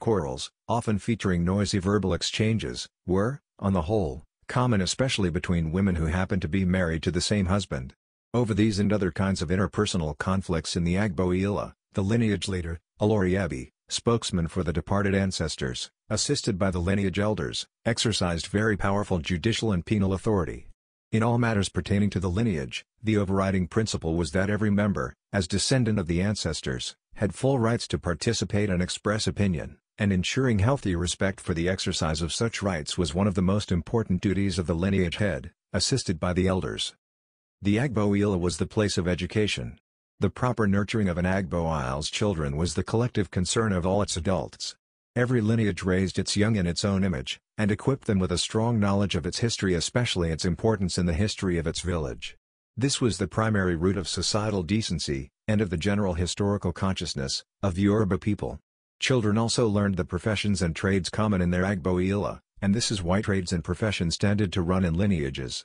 Quarrels, often featuring noisy verbal exchanges, were, on the whole, common especially between women who happened to be married to the same husband. Over these and other kinds of interpersonal conflicts in the Ila, the lineage leader, Aloriabi, spokesman for the departed ancestors, assisted by the lineage elders, exercised very powerful judicial and penal authority. In all matters pertaining to the lineage, the overriding principle was that every member, as descendant of the ancestors, had full rights to participate and express opinion and ensuring healthy respect for the exercise of such rights was one of the most important duties of the lineage head, assisted by the elders. The Agbo Ila was the place of education. The proper nurturing of an Agbo Isle's children was the collective concern of all its adults. Every lineage raised its young in its own image, and equipped them with a strong knowledge of its history especially its importance in the history of its village. This was the primary root of societal decency, and of the general historical consciousness, of the Yoruba people. Children also learned the professions and trades common in their Agboila, and this is why trades and professions tended to run in lineages.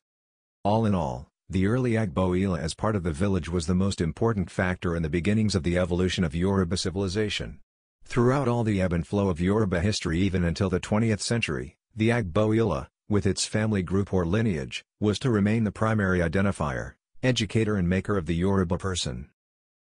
All in all, the early Agboila as part of the village was the most important factor in the beginnings of the evolution of Yoruba civilization. Throughout all the ebb and flow of Yoruba history even until the 20th century, the Agboila, with its family group or lineage, was to remain the primary identifier, educator and maker of the Yoruba person.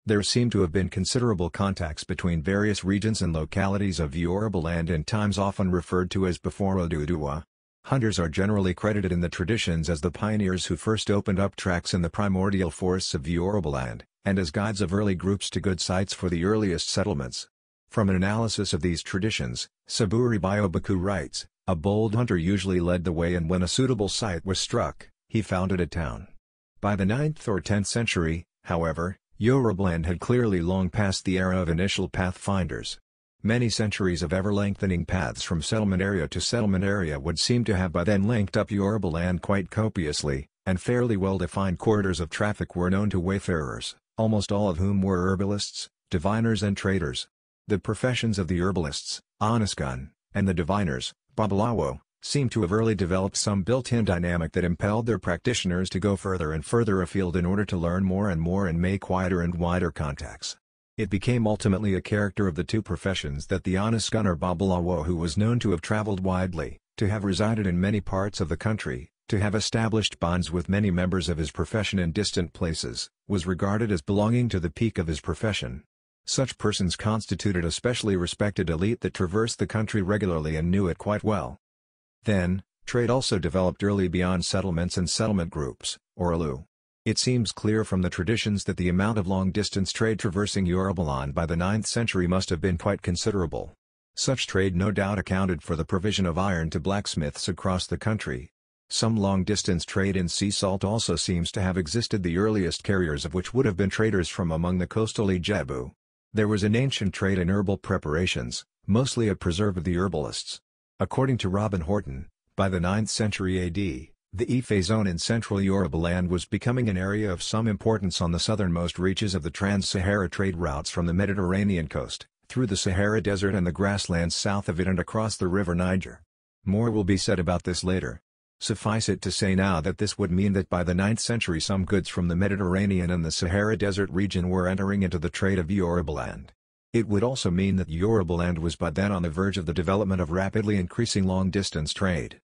There seem to have been considerable contacts between various regions and localities of Yoruba land in times often referred to as before Oduduwa. Hunters are generally credited in the traditions as the pioneers who first opened up tracks in the primordial forests of Yoruba land, and as guides of early groups to good sites for the earliest settlements. From an analysis of these traditions, Saburi Biobaku writes, a bold hunter usually led the way and when a suitable site was struck, he founded a town. By the 9th or 10th century, however, Euroblend had clearly long passed the era of initial pathfinders. Many centuries of ever-lengthening paths from settlement area to settlement area would seem to have by then linked up Yorubaland quite copiously, and fairly well-defined corridors of traffic were known to wayfarers, almost all of whom were herbalists, diviners and traders. The professions of the herbalists, Anaskan, and the diviners, Babalawo, seem to have early developed some built-in dynamic that impelled their practitioners to go further and further afield in order to learn more and more and make wider and wider contacts. It became ultimately a character of the two professions that the honest gunner Babalawo who was known to have traveled widely, to have resided in many parts of the country, to have established bonds with many members of his profession in distant places, was regarded as belonging to the peak of his profession. Such persons constituted a specially respected elite that traversed the country regularly and knew it quite well. Then, trade also developed early beyond settlements and settlement groups, or ALU. It seems clear from the traditions that the amount of long-distance trade traversing Yorubaland by the 9th century must have been quite considerable. Such trade no doubt accounted for the provision of iron to blacksmiths across the country. Some long-distance trade in sea salt also seems to have existed the earliest carriers of which would have been traders from among the coastal Ijebu. There was an ancient trade in herbal preparations, mostly a preserve of the herbalists, According to Robin Horton, by the 9th century AD, the Ife zone in central Yoruba land was becoming an area of some importance on the southernmost reaches of the Trans-Sahara trade routes from the Mediterranean coast, through the Sahara Desert and the grasslands south of it and across the river Niger. More will be said about this later. Suffice it to say now that this would mean that by the 9th century some goods from the Mediterranean and the Sahara Desert region were entering into the trade of Yorubaland. It would also mean that Yorubaland was by then on the verge of the development of rapidly increasing long-distance trade.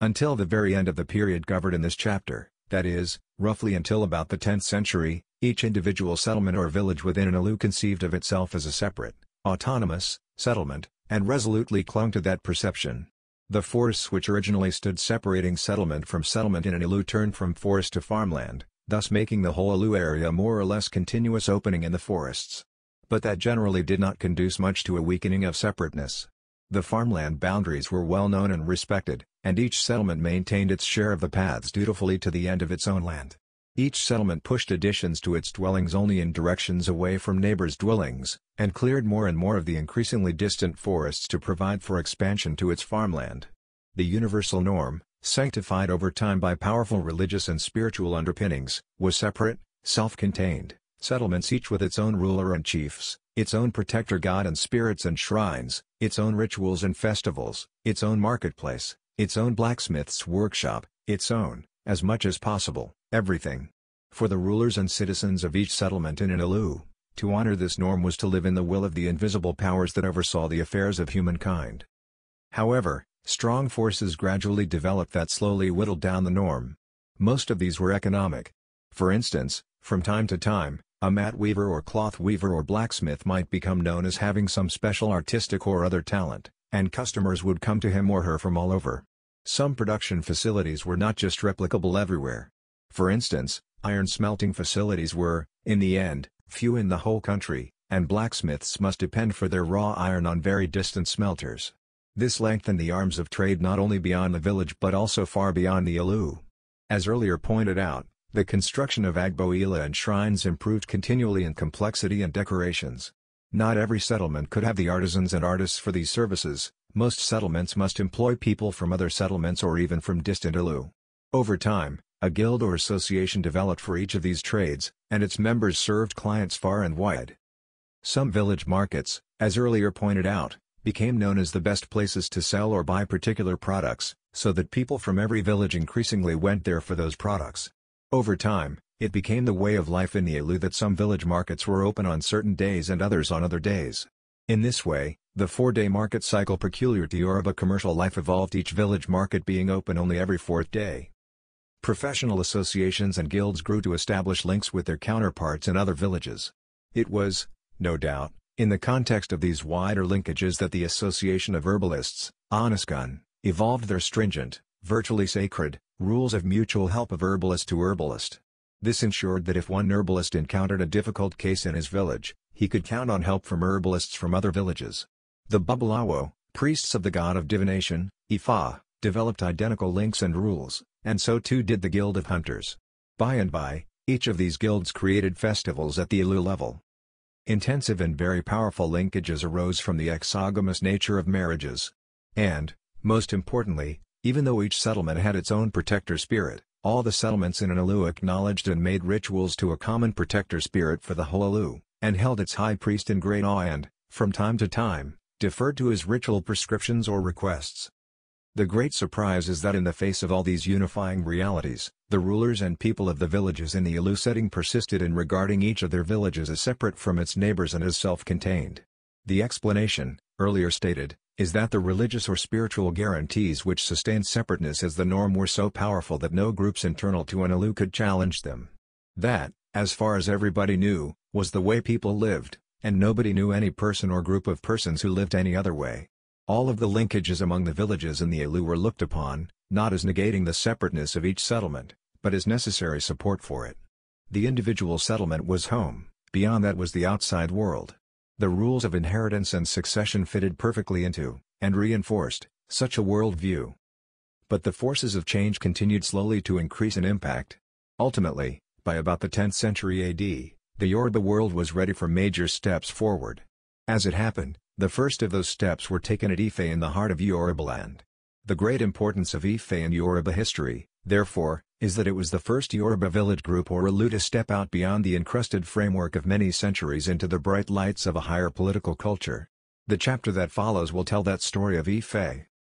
Until the very end of the period covered in this chapter, that is, roughly until about the 10th century, each individual settlement or village within an Alu conceived of itself as a separate, autonomous, settlement, and resolutely clung to that perception. The forests which originally stood separating settlement from settlement in an Alu turned from forest to farmland, thus making the whole Alu area more or less continuous opening in the forests but that generally did not conduce much to a weakening of separateness. The farmland boundaries were well known and respected, and each settlement maintained its share of the paths dutifully to the end of its own land. Each settlement pushed additions to its dwellings only in directions away from neighbors' dwellings, and cleared more and more of the increasingly distant forests to provide for expansion to its farmland. The universal norm, sanctified over time by powerful religious and spiritual underpinnings, was separate, self-contained, settlements each with its own ruler and chiefs, its own protector god and spirits and shrines, its own rituals and festivals, its own marketplace, its own blacksmith's workshop, its own, as much as possible, everything. For the rulers and citizens of each settlement in Inalu, to honor this norm was to live in the will of the invisible powers that oversaw the affairs of humankind. However, strong forces gradually developed that slowly whittled down the norm. Most of these were economic. For instance, from time to time, a mat weaver or cloth weaver or blacksmith might become known as having some special artistic or other talent, and customers would come to him or her from all over. Some production facilities were not just replicable everywhere. For instance, iron smelting facilities were, in the end, few in the whole country, and blacksmiths must depend for their raw iron on very distant smelters. This lengthened the arms of trade not only beyond the village but also far beyond the Alu. As earlier pointed out, the construction of Agboila and shrines improved continually in complexity and decorations. Not every settlement could have the artisans and artists for these services, most settlements must employ people from other settlements or even from distant Ilu. Over time, a guild or association developed for each of these trades, and its members served clients far and wide. Some village markets, as earlier pointed out, became known as the best places to sell or buy particular products, so that people from every village increasingly went there for those products. Over time, it became the way of life in the Elu that some village markets were open on certain days and others on other days. In this way, the four-day market cycle peculiar to Yoruba commercial life evolved each village market being open only every fourth day. Professional associations and guilds grew to establish links with their counterparts in other villages. It was, no doubt, in the context of these wider linkages that the Association of Herbalists, Oniscon, evolved their stringent, virtually sacred, Rules of mutual help of herbalist to herbalist. This ensured that if one herbalist encountered a difficult case in his village, he could count on help from herbalists from other villages. The Babalawo, priests of the god of divination, Ifa, developed identical links and rules, and so too did the Guild of Hunters. By and by, each of these guilds created festivals at the Ilu level. Intensive and very powerful linkages arose from the exogamous nature of marriages. And, most importantly, even though each settlement had its own protector spirit, all the settlements in Analu acknowledged and made rituals to a common protector spirit for the whole Alu, and held its high priest in great awe and, from time to time, deferred to his ritual prescriptions or requests. The great surprise is that in the face of all these unifying realities, the rulers and people of the villages in the Alu setting persisted in regarding each of their villages as separate from its neighbors and as self-contained. The explanation, earlier stated, is that the religious or spiritual guarantees which sustained separateness as the norm were so powerful that no groups internal to Analu could challenge them. That, as far as everybody knew, was the way people lived, and nobody knew any person or group of persons who lived any other way. All of the linkages among the villages in the Alu were looked upon, not as negating the separateness of each settlement, but as necessary support for it. The individual settlement was home, beyond that was the outside world. The rules of inheritance and succession fitted perfectly into, and reinforced, such a worldview. But the forces of change continued slowly to increase in impact. Ultimately, by about the 10th century AD, the Yoruba world was ready for major steps forward. As it happened, the first of those steps were taken at Ife in the heart of Yorubaland. The great importance of Ife in Yoruba history, therefore, is that it was the first Yoruba village group or Ilu to step out beyond the encrusted framework of many centuries into the bright lights of a higher political culture. The chapter that follows will tell that story of Ife,